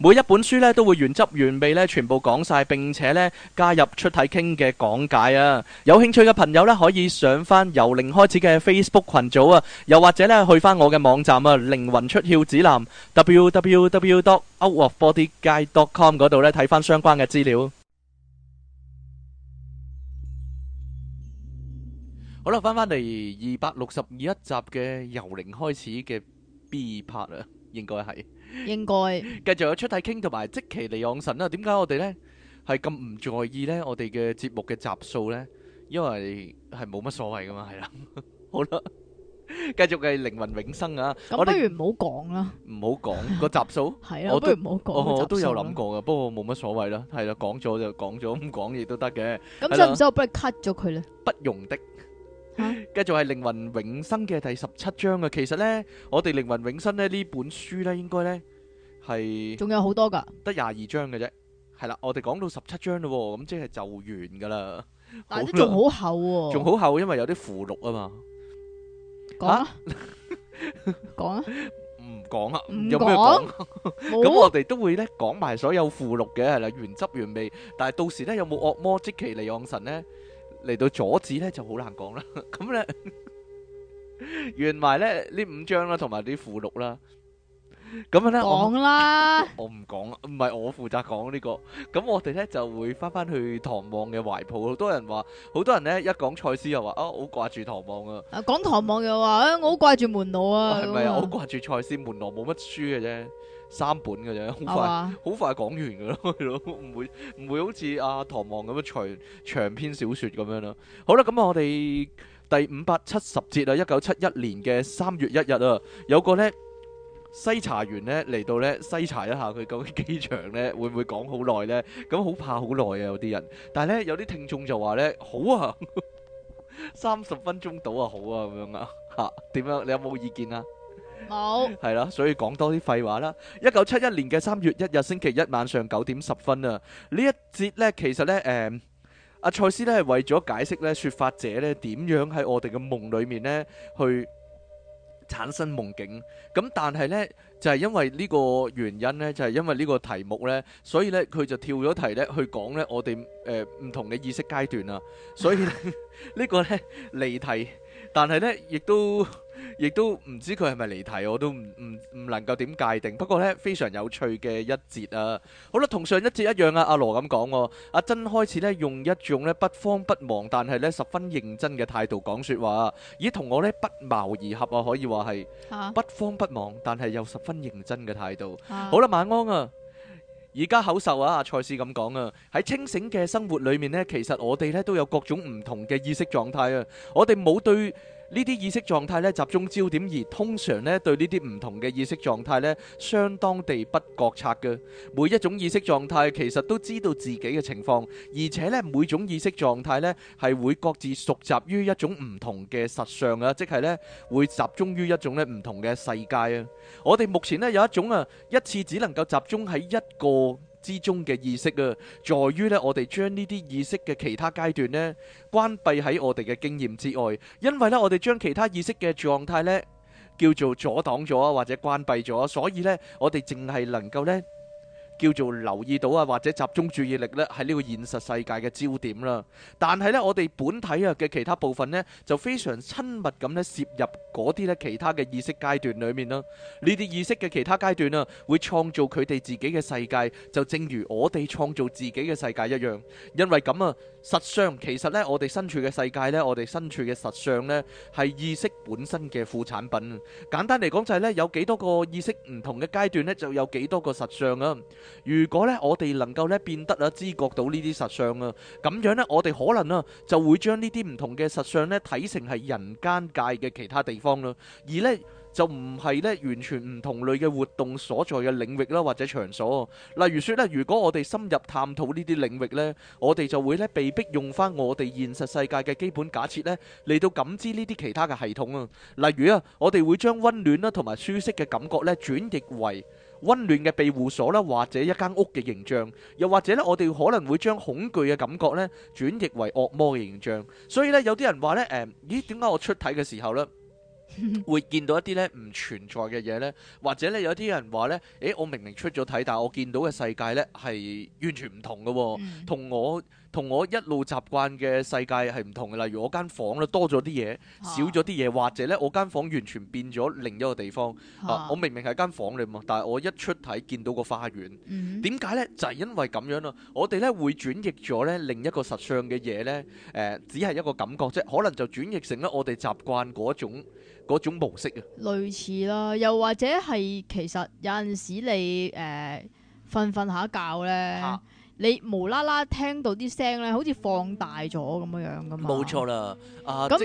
每一本書咧都會原汁原味咧全部講晒，並且咧加入出體傾嘅講解啊！有興趣嘅朋友咧可以上翻由零開始嘅 Facebook 群組啊，又或者咧去翻我嘅網站啊靈魂出竅指南 www.outofbodyguide.com 嗰度咧睇翻相關嘅資料。好啦，翻翻嚟二百六十一集嘅由零開始嘅 B part 啊，應該係。應該繼續有出體傾，同埋即其離往神啦。點解我哋咧係咁唔在意咧？我哋嘅節目嘅集數咧，因為係冇乜所謂噶嘛，係啦。好啦，繼續係靈魂永生啊。咁不如唔好講啦，唔好講個集數係啊。不如唔好講，我都有諗過噶，不過冇乜所謂啦。係啦，講咗就講咗，咁講嘢都得嘅。咁使唔使我幫你 cut 咗佢咧？不用的。繼續係靈魂永生嘅第十七章啊！其實咧，我哋靈魂永生咧呢本書咧，應該咧係仲有好多噶，得廿二章嘅啫。係啦，我哋講到十七章咯，咁即係就完噶啦。嗱、哦，都仲好厚，仲好厚，因為有啲附錄啊嘛。講吧啊，講啊 <laughs> 吧，唔講啊，唔講。咁沒 <laughs> 我哋都會咧講埋所有附錄嘅，係啦，原汁原味。但係到時咧有冇惡魔即奇尼盎神咧？嚟到阻止咧就好難講啦，咁咧原埋咧呢五章啦、啊，同埋啲附錄啦、啊，咁樣咧講啦，我唔講啦，唔係我負責講呢個，咁我哋咧就會返返去唐望嘅懷抱，好多人話，好多人咧一講賽斯又話，哦好掛住唐望啊，講唐、啊、望又話，誒我好掛住門羅啊，係咪啊？好掛住賽斯門羅冇乜書嘅啫。三本嘅啫，好快，好、uh huh. 快講完嘅咯，唔 <laughs> 會唔會好似阿、啊、唐王咁樣長長篇小說咁樣啦。好啦，咁啊，我哋第五百七十節啊，一九七一年嘅三月一日啊，有個咧西查員咧嚟到咧西查一下佢究竟幾長咧，會唔會講好耐咧？咁好怕好耐啊，有啲人。但係咧，有啲聽眾就話咧，好啊，三 <laughs> 十分鐘到啊，好啊，咁樣啊，吓？點樣？你有冇意見啊？冇，係啦，所以講多啲廢話啦。一九七一年嘅三月一日星期一晚上九點十分啊，呢一節咧其實咧，誒，阿賽斯咧係為咗解釋咧說法者咧點樣喺我哋嘅夢裏面咧去產生夢境。咁但係咧就係因為呢個原因咧，就係因為呢個題目咧，所以咧佢就跳咗題咧去講咧我哋誒唔同嘅意識階段啊。所以呢個咧離題，但係咧亦都。亦都唔知佢係咪離題，我都唔唔唔能夠點界定。不過呢，非常有趣嘅一節啊！好啦，同上一節一樣啊，羅啊，阿羅咁講，阿珍開始呢，用一種呢不慌不忙，但係呢十分認真嘅態度講說話，咦，同我呢不謀而合啊，可以話係、啊、不慌不忙，但係又十分認真嘅態度。啊、好啦，晚安啊！而家口授啊，賽斯咁講啊，喺清醒嘅生活裏面呢，其實我哋呢都有各種唔同嘅意識狀態啊，我哋冇對。呢啲意識狀態咧，集中焦點，而通常咧，對呢啲唔同嘅意識狀態咧，相當地不覺察嘅。每一種意識狀態其實都知道自己嘅情況，而且咧每種意識狀態咧係會各自熟習於一種唔同嘅實相啊，即係咧會集中於一種咧唔同嘅世界啊。我哋目前咧有一種啊，一次只能夠集中喺一個。之中嘅意識啊，在於呢，我哋將呢啲意識嘅其他階段呢，關閉喺我哋嘅經驗之外，因為呢，我哋將其他意識嘅狀態呢，叫做阻擋咗或者關閉咗，所以呢，我哋淨係能夠呢，叫做留意到啊，或者集中注意力咧，係呢個現實世界嘅焦點啦。但係咧，我哋本體啊嘅其他部分咧，就非常親密咁咧，攝入嗰啲咧其他嘅意識階段裏面啦。呢啲意識嘅其他階段啊，會創造佢哋自己嘅世界，就正如我哋創造自己嘅世界一樣。因為咁啊，實相其實咧，我哋身處嘅世界咧，我哋身處嘅實相咧，係意識本身嘅副產品。簡單嚟講就係咧，有幾多個意識唔同嘅階段咧，就有幾多個實相啊。如果呢，我哋能夠咧變得啊，知覺到呢啲實相啊，咁樣呢，我哋可能啊就會將呢啲唔同嘅實相呢，睇成係人間界嘅其他地方咯。而呢，就唔係呢，完全唔同類嘅活動所在嘅領域啦，或者場所啊。例如說呢，如果我哋深入探討呢啲領域呢，我哋就會呢，被逼用翻我哋現實世界嘅基本假設呢，嚟到感知呢啲其他嘅系統啊。例如啊，我哋會將温暖啦同埋舒適嘅感覺呢，轉譯為溫暖嘅庇護所啦，或者一間屋嘅形象，又或者咧，我哋可能會將恐懼嘅感覺咧，轉譯為惡魔嘅形象。所以咧，有啲人話咧，誒，咦，點解我出體嘅時候咧，會見到一啲咧唔存在嘅嘢咧？或者咧，有啲人話咧，誒，我明明出咗體，但係我見到嘅世界咧係完全唔同嘅，同我。同我一路習慣嘅世界係唔同嘅，例如我間房咧多咗啲嘢，啊、少咗啲嘢，或者咧我間房完全變咗另一個地方。啊，啊，我明明係間房嚟嘛，但係我一出體見到個花園。點解、嗯、呢？就係、是、因為咁樣啦。我哋咧會轉譯咗咧另一個實相嘅嘢呢，誒、呃，只係一個感覺即可能就轉譯成咧我哋習慣嗰種，種模式啊。類似啦，又或者係其實有陣時你誒瞓瞓下覺呢。啊你無啦啦聽到啲聲咧，好似放大咗咁樣噶嘛？冇錯啦！咁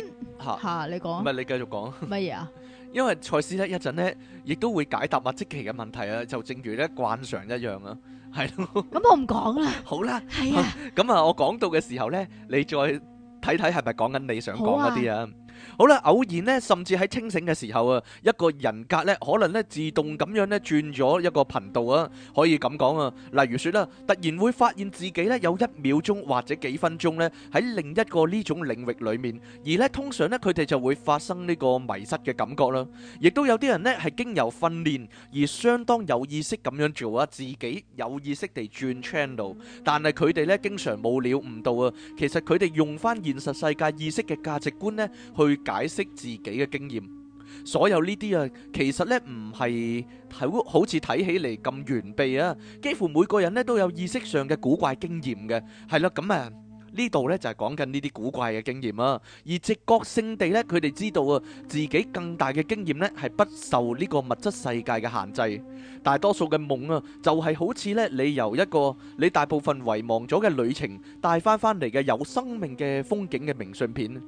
嚇嚇，你講唔係你繼續講乜嘢啊？因為賽斯咧一陣咧，亦都會解答麥、啊、積奇嘅問題啊，就正如咧慣常一樣啊，係 <laughs> 咯。咁我唔講啦。好啦，係啊。咁啊，我講到嘅時候咧，你再睇睇係咪講緊你想講嗰啲啊？好啦，偶然咧，甚至喺清醒嘅時候啊，一個人格咧，可能咧自動咁樣咧轉咗一個頻道啊，可以咁講啊。例如說啦，突然會發現自己咧有一秒鐘或者幾分鐘咧喺另一個呢種領域裏面，而咧通常咧佢哋就會發生呢個迷失嘅感覺啦。亦都有啲人咧係經由訓練而相當有意識咁樣做啊，自己有意識地轉 channel，但係佢哋咧經常冇了悟到啊，其實佢哋用翻現實世界意識嘅價值觀咧去。解釋自己嘅經驗，所有呢啲啊，其實咧唔係好好似睇起嚟咁完備啊，幾乎每個人咧都有意識上嘅古怪經驗嘅，係啦，咁啊呢度咧就係講緊呢啲古怪嘅經驗啊，而直覺性地咧，佢哋知道啊自己更大嘅經驗咧係不受呢個物質世界嘅限制，大多數嘅夢啊就係好似咧你由一個你大部分遺忘咗嘅旅程帶翻翻嚟嘅有生命嘅風景嘅明信片。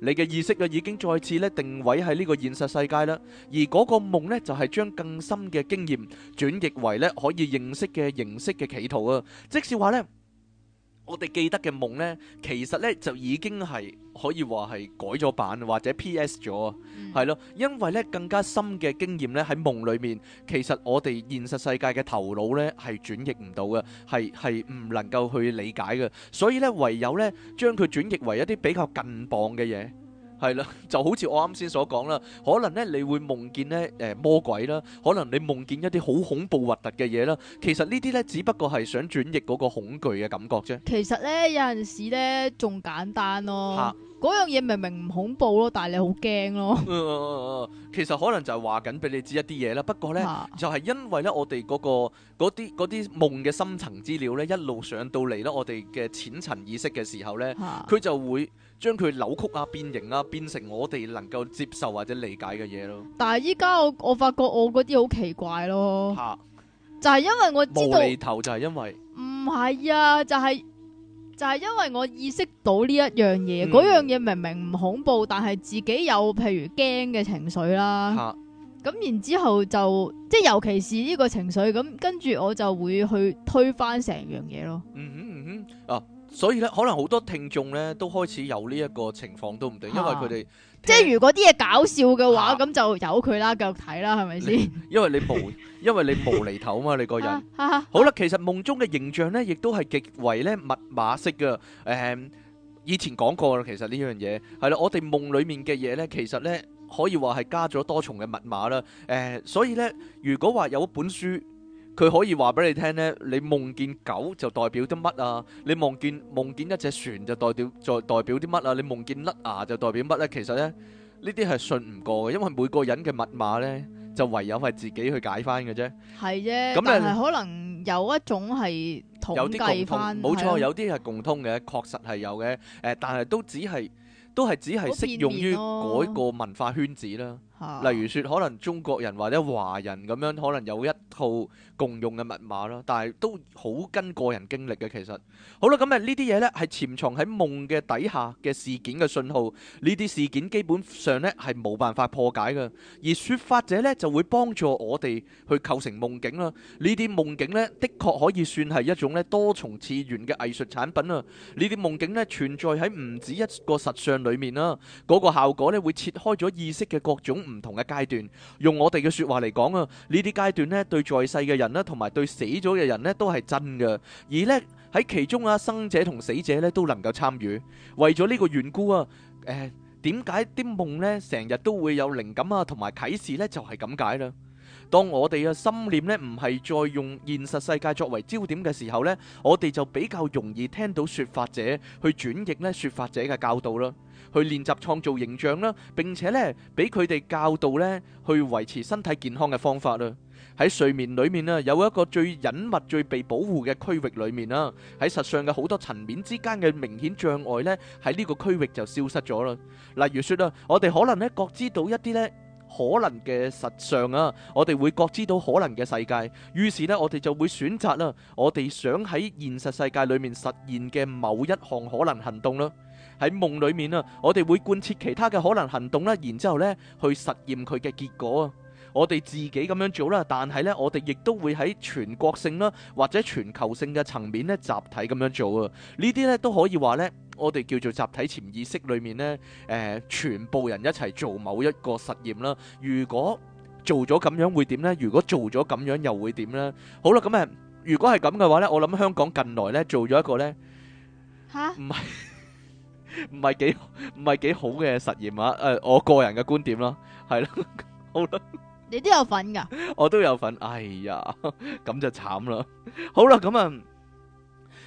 你嘅意識啊已經再次咧定位喺呢個現實世界啦，而嗰個夢咧就係將更深嘅經驗轉譯為咧可以認識嘅形式嘅企圖啊，即使話呢。我哋記得嘅夢呢，其實呢，就已經係可以話係改咗版或者 P.S. 咗啊，係咯、嗯，因為呢，更加深嘅經驗呢，喺夢裏面，其實我哋現實世界嘅頭腦呢，係轉譯唔到嘅，係係唔能夠去理解嘅，所以呢，唯有呢，將佢轉譯為一啲比較近磅嘅嘢。係啦，就好似我啱先所講啦，可能咧你會夢見咧誒魔鬼啦，可能你夢見一啲好恐怖核突嘅嘢啦，其實呢啲咧只不過係想轉譯嗰個恐懼嘅感覺啫。其實咧有陣時咧仲簡單咯。啊嗰樣嘢明明唔恐怖咯，但係你好驚咯。 <laughs> 其實可能就係話緊俾你知一啲嘢啦。不過呢，啊、就係因為呢、那個，我哋嗰個嗰啲嗰啲夢嘅深層資料呢，一路上到嚟呢，我哋嘅淺層意識嘅時候呢，佢、啊、就會將佢扭曲啊、變形啊，變成我哋能夠接受或者理解嘅嘢咯但。但係依家我我發覺我嗰啲好奇怪咯。吓，啊、就係因為我知道無厘頭就係因為唔係 <coughs> 啊，就係、是。就係因為我意識到呢一樣嘢，嗰樣嘢明明唔恐怖，但係自己有譬如驚嘅情緒啦。咁、啊、然之後就即係尤其是呢個情緒，咁跟住我就會去推翻成樣嘢咯。嗯哼。嗯哼嗯哼，啊，所以咧可能好多聽眾咧都開始有呢一個情況都唔定，因為佢哋。即係如果啲嘢搞笑嘅話，咁、啊、就由佢啦，繼續睇啦，係咪先？因為你無， <laughs> 因為你無厘頭啊嘛，你個人。 <laughs> 好啦，其實夢中嘅形象呢，亦都係極為咧密碼式嘅。誒、嗯，以前講過啦，其實呢樣嘢係啦，我哋夢裏面嘅嘢呢，其實呢，可以話係加咗多重嘅密碼啦。誒、嗯，所以呢，如果話有一本書。佢可以話俾你聽咧，你夢見狗就代表啲乜啊？你夢見夢見一隻船就代表就代表啲乜啊？你夢見甩牙就代表乜咧、啊？其實咧，呢啲係信唔過嘅，因為每個人嘅密碼咧，就唯有係自己去解翻嘅啫。係啫的，咁樣，但係可能有一種係統計，有啲共通，冇的錯，有啲係共通嘅，確實係有嘅。誒、呃，但係都只係都係只係適用於嗰一個文化圈子啦。例如說，可能中國人或者華人咁樣，可能有一套共用嘅密碼咯，但係都好跟個人經歷嘅其實。好啦，咁啊呢啲嘢呢，係潛藏喺夢嘅底下嘅事件嘅信號，呢啲事件基本上呢，係冇辦法破解嘅。而説法者呢，就會幫助我哋去構成夢境啦。呢啲夢境呢，的確可以算係一種呢，多重次元嘅藝術產品啊。呢啲夢境呢，存在喺唔止一個實相裡面啦。嗰個效果呢，會切開咗意識嘅各種，唔同嘅階段，用我哋嘅說話嚟講啊，呢啲階段咧對在世嘅人咧，同埋對死咗嘅人咧都係真嘅。而咧喺其中啊，生者同死者咧都能夠參與。為咗呢個緣故啊，誒，點解啲夢咧成日都會有靈感啊，同埋啟示咧就係咁解啦。當我哋嘅心念咧唔係再用現實世界作為焦點嘅時候咧，我哋就比較容易聽到說法者去轉譯咧說法者嘅教導啦。去練習創造形象啦，並且咧俾佢哋教導咧去維持身體健康嘅方法啦。喺睡眠裏面呢，有一個最隱密、最被保護嘅區域裏面啦。喺實相嘅好多層面之間嘅明顯障礙咧，喺呢個區域就消失咗啦。例如說啊，我哋可能咧覺知到一啲咧可能嘅實相啊，我哋會覺知到可能嘅世界，於是呢我哋就會選擇啦，我哋想喺現實世界裏面實現嘅某一項可能行動啦。喺夢裏面啊，我哋會貫徹其他嘅可能行動啦，然之後呢去實驗佢嘅結果啊，我哋自己咁樣做啦，但係呢，我哋亦都會喺全國性啦或者全球性嘅層面呢集體咁樣做啊，呢啲呢都可以話呢，我哋叫做集體潛意識裏面呢，誒、呃，全部人一齊做某一個實驗啦。如果做咗咁樣會點呢？如果做咗咁樣又會點呢？好啦，咁誒，如果係咁嘅話呢，我諗香港近來呢做咗一個呢。吓唔係。不是笑唔係幾唔係幾好嘅實驗啊！誒、呃，我個人嘅觀點咯、啊，係啦， <laughs> 好啦的，你都有份噶、啊， <laughs> 我都有份。哎呀，咁 <laughs> 就慘啦。好啦，咁啊，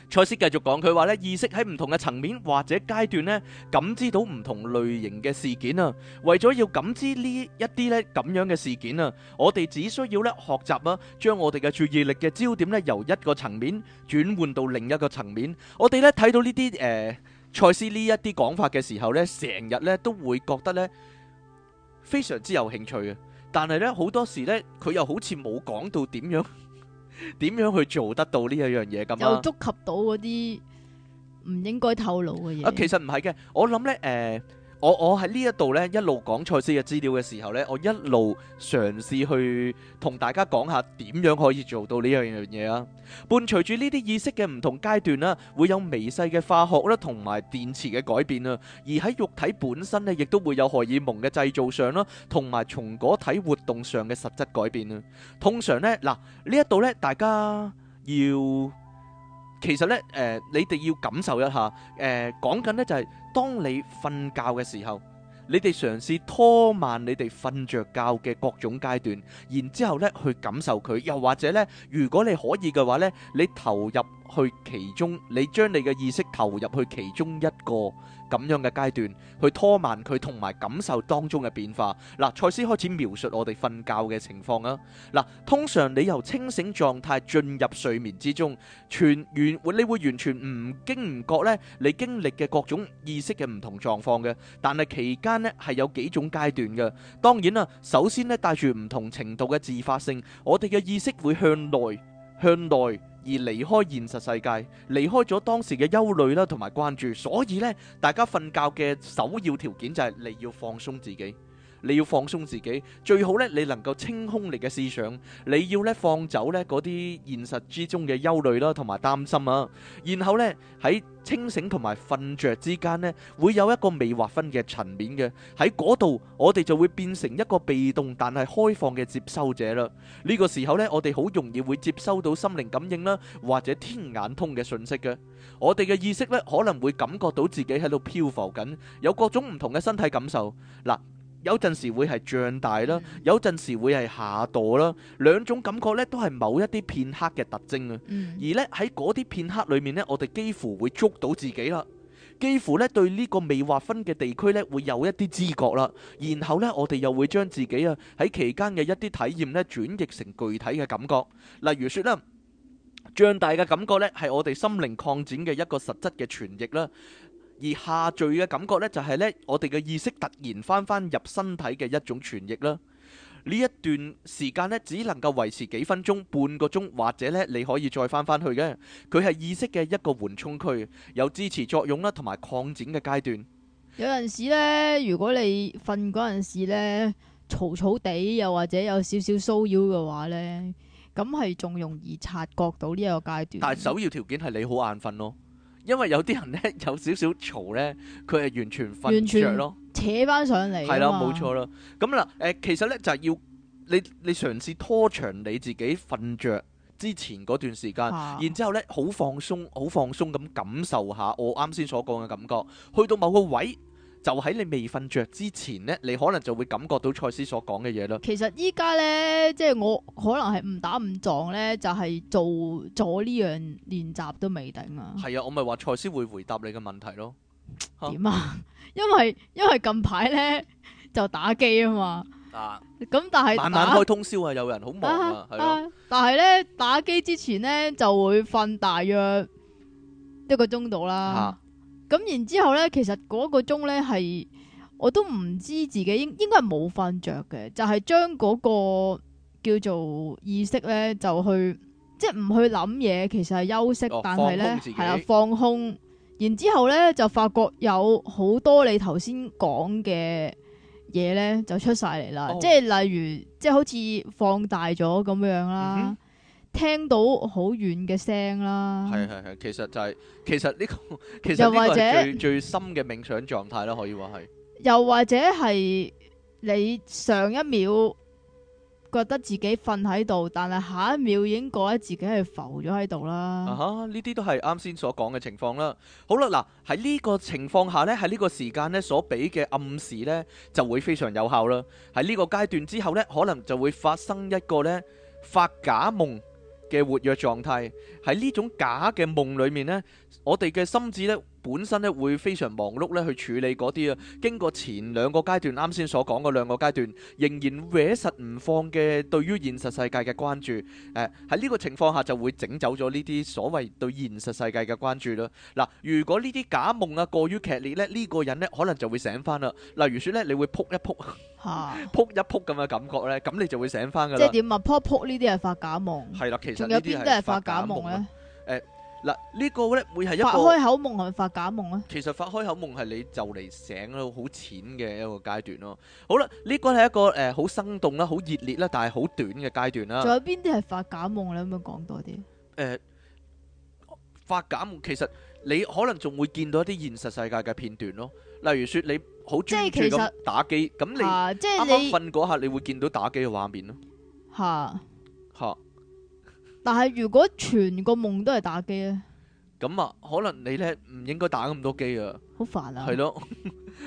蔡司繼續講，佢話呢意識喺唔同嘅層面或者階段呢，感知到唔同類型嘅事件啊。為咗要感知一呢一啲呢咁樣嘅事件啊，我哋只需要呢學習啊，將我哋嘅注意力嘅焦點呢由一個層面轉換到另一個層面。我哋呢睇到呢啲誒。呃賽斯呢一啲講法嘅時候呢，成日呢都會覺得呢非常之有興趣嘅，但係呢，好多時呢，佢又好似冇講到點樣點 <laughs> 樣去做得到呢一樣嘢咁，又觸及到嗰啲唔應該透露嘅嘢啊，其實唔係嘅，我諗呢。誒、呃。我我喺呢一度咧，一路講賽斯嘅資料嘅時候咧，我一路嘗試去同大家講下點樣可以做到呢樣樣嘢啊！伴隨住呢啲意識嘅唔同階段啦，會有微細嘅化學啦，同埋電磁嘅改變啦，而喺肉體本身咧，亦都會有荷爾蒙嘅製造上啦，同埋松果體活動上嘅實質改變啦。通常咧，嗱呢一度咧，大家要其實咧，誒，你哋要感受一下，誒，講緊咧就係。當你瞓覺嘅時候。你哋嘗試拖慢你哋瞓著覺嘅各種階段，然之後咧去感受佢，又或者咧，如果你可以嘅話咧，你投入去其中，你將你嘅意識投入去其中一個咁樣嘅階段，去拖慢佢同埋感受當中嘅變化。嗱，賽斯開始描述我哋瞓覺嘅情況啊。嗱，通常你由清醒狀態進入睡眠之中，全完你會完全唔經唔覺咧，你經歷嘅各種意識嘅唔同狀況嘅，但係期間。咧係有幾種階段嘅，當然啦，首先呢，帶住唔同程度嘅自發性，我哋嘅意識會向內向內而離開現實世界，離開咗當時嘅憂慮啦同埋關注，所以呢，大家瞓覺嘅首要條件就係你要放鬆自己。你要放鬆自己，最好咧，你能夠清空你嘅思想。你要咧放走咧嗰啲現實之中嘅憂慮啦，同埋擔心啊。然後咧喺清醒同埋瞓着之間咧，會有一個未劃分嘅層面嘅喺嗰度，我哋就會變成一個被動但係開放嘅接收者啦。呢個時候咧，我哋好容易會接收到心靈感應啦，或者天眼通嘅信息嘅。我哋嘅意識咧可能會感覺到自己喺度漂浮緊，有各種唔同嘅身體感受嗱。有陣時會係脹大啦，有陣時會係下墮啦，兩種感覺呢都係某一啲片刻嘅特徵啊。而呢喺嗰啲片刻裏面呢，我哋幾乎會捉到自己啦，幾乎呢對呢個未劃分嘅地區呢會有一啲知覺啦。然後呢，我哋又會將自己啊喺期間嘅一啲體驗呢轉譯成具體嘅感覺，例如說啦，脹大嘅感覺呢係我哋心靈擴展嘅一個實質嘅傳譯啦。而下墜嘅感覺呢，就係呢我哋嘅意識突然翻翻入身體嘅一種傳譯啦。呢一段時間呢，只能夠維持幾分鐘、半個鐘，或者呢你可以再翻翻去嘅。佢係意識嘅一個緩衝區，有支持作用啦，同埋擴展嘅階段。有陣時呢，如果你瞓嗰陣時呢，嘈嘈地，又或者有少少騷擾嘅話呢，咁係仲容易察覺到呢一個階段。但係首要條件係你好眼瞓咯。因為有啲人咧有少少嘈咧，佢係完全瞓着咯，扯翻上嚟。係啦，冇錯啦。咁、嗯、嗱，誒其實咧就係要你你嘗試拖長你自己瞓着之前嗰段時間，啊、然之後咧好放鬆，好放鬆咁感受下我啱先所講嘅感覺，去到某個位。就喺你未瞓着之前呢，你可能就會感覺到賽斯所講嘅嘢咯。其實依家呢，即係我可能係唔打唔撞呢，就係、是、做咗呢樣練習都未定啊。係啊，我咪話賽斯會回答你嘅問題咯。點啊？ <laughs> 因？因為因為近排呢，就打機啊嘛。咁、啊、但係。晚晚開通宵啊，有人好忙啊，啊啊咯但係呢，打機之前呢，就會瞓大約一個鐘到啦。啊咁然之後呢，其實嗰個鐘咧係我都唔知自己應應該冇瞓着嘅，就係將嗰個叫做意識呢，就去即係唔去諗嘢，其實係休息，哦、但係呢，係啦、啊、放空，然之後呢，就發覺有好多你頭先講嘅嘢呢，就出晒嚟啦，即係例如即係好似放大咗咁樣啦。嗯聽到好遠嘅聲啦，係係係，其實就係其實呢個，其實呢個係最，或者最深嘅冥想狀態啦，可以話係。又或者係你上一秒覺得自己瞓喺度，但係下一秒已經覺得自己係浮咗喺度啦。啊呢啲都係啱先所講嘅情況啦。好啦，嗱喺呢個情況下咧，喺呢個時間咧所俾嘅暗示呢就會非常有效啦。喺呢個階段之後呢，可能就會發生一個呢發假夢。嘅活躍狀態，喺呢種假嘅夢裏面呢，我哋嘅心智呢，本身咧會非常忙碌咧去處理嗰啲啊，經過前兩個階段啱先所講嗰兩個階段，仍然握實唔放嘅對於現實世界嘅關注，誒喺呢個情況下就會整走咗呢啲所謂對現實世界嘅關注啦。嗱，如果呢啲假夢啊過於劇烈咧，呢個人咧可能就會醒返啦。例如説咧，你會撲一撲吓，撲一撲咁嘅感覺咧，咁你就會醒返噶啦。即係點啊？撲撲呢啲係發假夢。係啦，其實仲有邊啲都係發假夢咧？嗱，呢個咧會係一個發開口夢係咪發假夢啊？其實發開口夢係你就嚟醒到好淺嘅一個階段咯。好啦，呢個係一個誒好生動啦、好熱烈啦，但係好短嘅階段啦。仲有邊啲係發假夢咧？你可唔可以講多啲？誒，發假夢其實你可能仲會見到一啲現實世界嘅片段咯。例如説，你好專注咁打機，咁你啱啱瞓嗰下，你會見到打機嘅畫面咯。嚇嚇。但係如果全個夢都係打機咧，咁啊，可能你咧唔應該打咁多機啊，是的 <laughs> 好煩啊，係咯，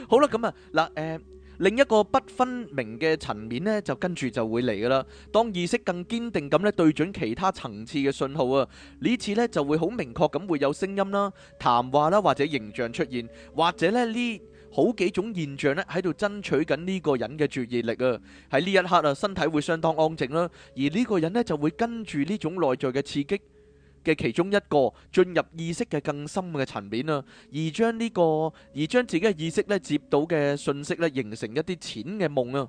好啦，咁啊嗱，誒，另一個不分明嘅層面呢就跟住就會嚟噶啦。當意識更堅定咁咧，對準其他層次嘅信號啊，呢次呢就會好明確咁會有聲音啦、談話啦，或者形象出現，或者咧呢。好幾種現象呢喺度爭取緊呢個人嘅注意力啊！喺呢一刻啊，身體會相當安靜啦，而呢個人呢就會跟住呢種內在嘅刺激嘅其中一個進入意識嘅更深嘅層面啊，而將呢個而將自己嘅意識呢接到嘅信息呢形成一啲淺嘅夢啊！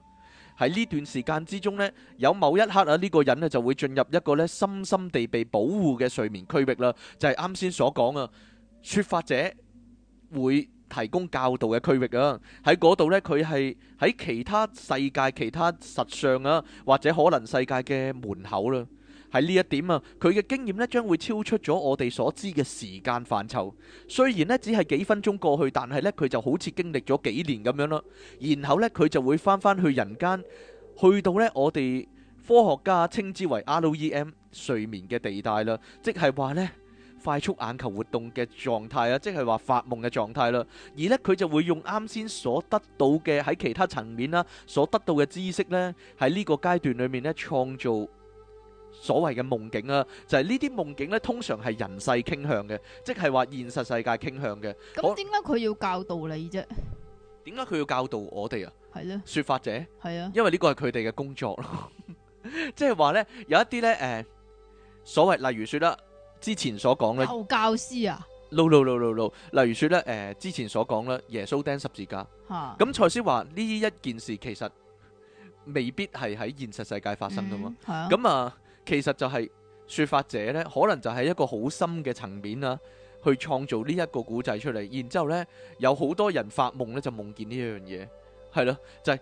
喺呢段時間之中呢，有某一刻啊，呢個人呢就會進入一個呢深深地被保護嘅睡眠區域啦，就係啱先所講啊，說法者會。提供教導嘅區域啊，喺嗰度呢，佢係喺其他世界、其他實相啊，或者可能世界嘅門口啦。喺呢一點啊，佢嘅經驗呢，將會超出咗我哋所知嘅時間範疇。雖然呢，只係幾分鐘過去，但係呢，佢就好似經歷咗幾年咁樣啦。然後呢，佢就會翻返去人間，去到呢，我哋科學家稱之為 REM 睡眠嘅地帶啦，即係話呢，快速眼球活動嘅狀態啊，即係話發夢嘅狀態啦。而呢佢就會用啱先所得到嘅喺其他層面啦，所得到嘅知識呢，喺呢個階段裏面呢，創造所謂嘅夢境啊。就係呢啲夢境呢，通常係人世傾向嘅，即係話現實世界傾向嘅。咁點解佢要教導你啫？點解佢要教導我哋啊？係咯，說法者係啊，因為呢個係佢哋嘅工作咯。即係話呢，有一啲呢，誒，所謂例如說啦。之前所講咧，教師啊，no, no, no, no, no, no. 例如説咧，誒、呃、之前所講咧，耶穌釘十字架，咁賽哈斯話呢一件事其實未必係喺現實世界發生噶嘛，咁、嗯、啊，啊，其實就係説法者咧，可能就係一個好深嘅層面啊，去創造呢一個古仔出嚟，然之後咧，有好多人發夢咧，就夢見呢一樣嘢，係咯、啊，就係、是、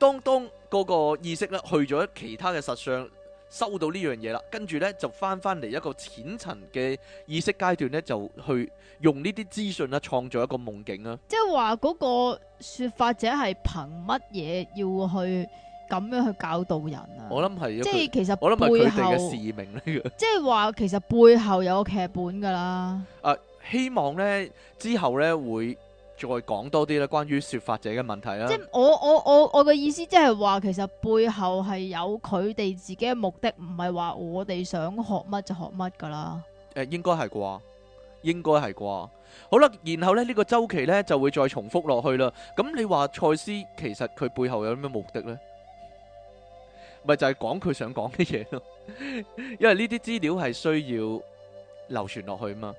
當當嗰個意識咧去咗其他嘅實相。收到呢樣嘢啦，跟住咧就返返嚟一個淺層嘅意識階段咧，就去用呢啲資訊啦，創造一個夢境啊！即係話嗰個説法者係憑乜嘢要去咁樣去教導人啊？我諗係即係其實我諗係佢哋嘅使命嚟嘅。即係話其實背後有個劇本噶啦。誒、呃，希望咧之後咧會。再講多啲啦，關於說法者嘅問題啦。即係我我我我嘅意思，即係話其實背後係有佢哋自己嘅目的，唔係話我哋想學乜就學乜噶啦。誒，應該係啩，應該係啩。好啦，然後咧呢個週期咧就會再重複落去啦。咁你話蔡司其實佢背後有咩目的咧？咪就係講佢想講嘅嘢咯。因為呢啲資料係需要流傳落去嘛。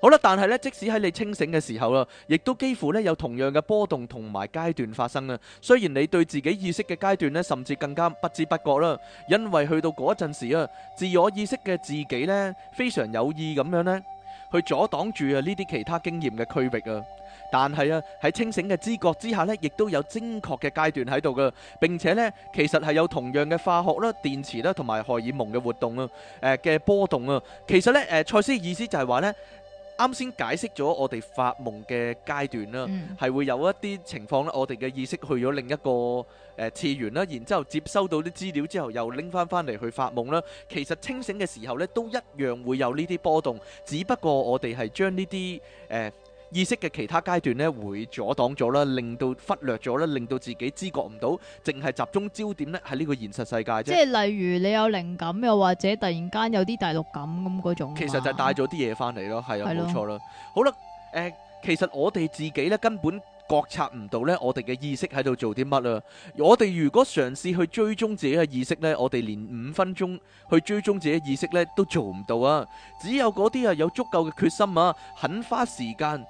好啦，但係咧，即使喺你清醒嘅時候啦，亦都幾乎咧有同樣嘅波動同埋階段發生啊。雖然你對自己意識嘅階段呢，甚至更加不知不覺啦，因為去到嗰一陣時啊，自我意識嘅自己呢，非常有意咁樣呢去阻擋住啊呢啲其他經驗嘅區域啊。但係啊，喺清醒嘅知覺之下呢，亦都有精確嘅階段喺度噶，並且呢、呃，其實係有同樣嘅化學啦、電池啦同埋荷爾蒙嘅活動啊，誒嘅波動啊。其實呢，誒，賽斯意思就係話呢。啱先解釋咗我哋發夢嘅階段啦，係、嗯、會有一啲情況咧，我哋嘅意識去咗另一個誒、呃、次元啦，然之後接收到啲資料之後，又拎翻翻嚟去發夢啦。其實清醒嘅時候呢，都一樣會有呢啲波動，只不過我哋係將呢啲誒、呃意識嘅其他階段咧，會阻擋咗啦，令到忽略咗啦，令到自己知覺唔到，淨係集中焦點咧喺呢個現實世界啫。即係例如你有靈感，又或者突然間有啲第六感咁嗰種。其實就係帶咗啲嘢翻嚟咯，係啊的，冇錯啦。好啦，誒、呃，其實我哋自己咧根本覺察唔到咧，我哋嘅意識喺度做啲乜啊？我哋如果嘗試去追蹤自己嘅意識咧，我哋連五分鐘去追蹤自己意識咧都做唔到啊！只有嗰啲啊有足夠嘅決心啊，肯花時間。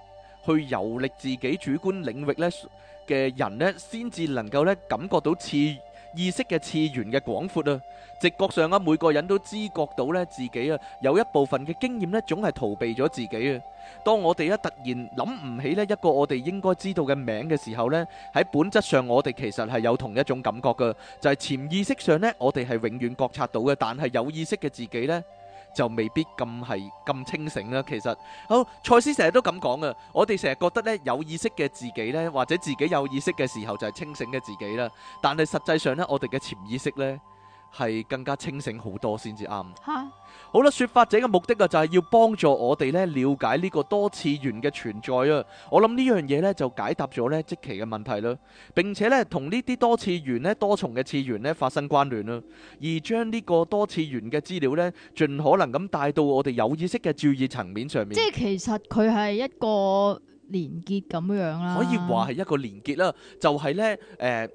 去遊歷自己主觀領域呢嘅人呢，先至能夠呢感覺到次意識嘅次元嘅廣闊啊！直覺上啊，每個人都知覺到呢自己啊有一部分嘅經驗呢總係逃避咗自己啊！當我哋一突然諗唔起呢一個我哋應該知道嘅名嘅時候呢，喺本質上我哋其實係有同一種感覺噶，就係潛意識上呢我哋係永遠覺察到嘅，但係有意識嘅自己呢。就未必咁係咁清醒啦。其實，好、哦、賽斯成日都咁講啊：「我哋成日覺得呢有意識嘅自己呢，或者自己有意識嘅時候就係清醒嘅自己啦。但係實際上呢，我哋嘅潛意識呢，係更加清醒好多先至啱。 <noise> 好啦，說法者嘅目的啊，就係要幫助我哋咧，了解呢個多次元嘅存在啊。我諗呢樣嘢咧就解答咗咧積奇嘅問題啦，並且咧同呢啲多次元咧多重嘅次元咧發生關聯啦，而將呢個多次元嘅資料咧盡可能咁帶到我哋有意識嘅注意層面上面。即係其實佢係一個連結咁樣啦，可以話係一個連結啦，就係咧誒。呃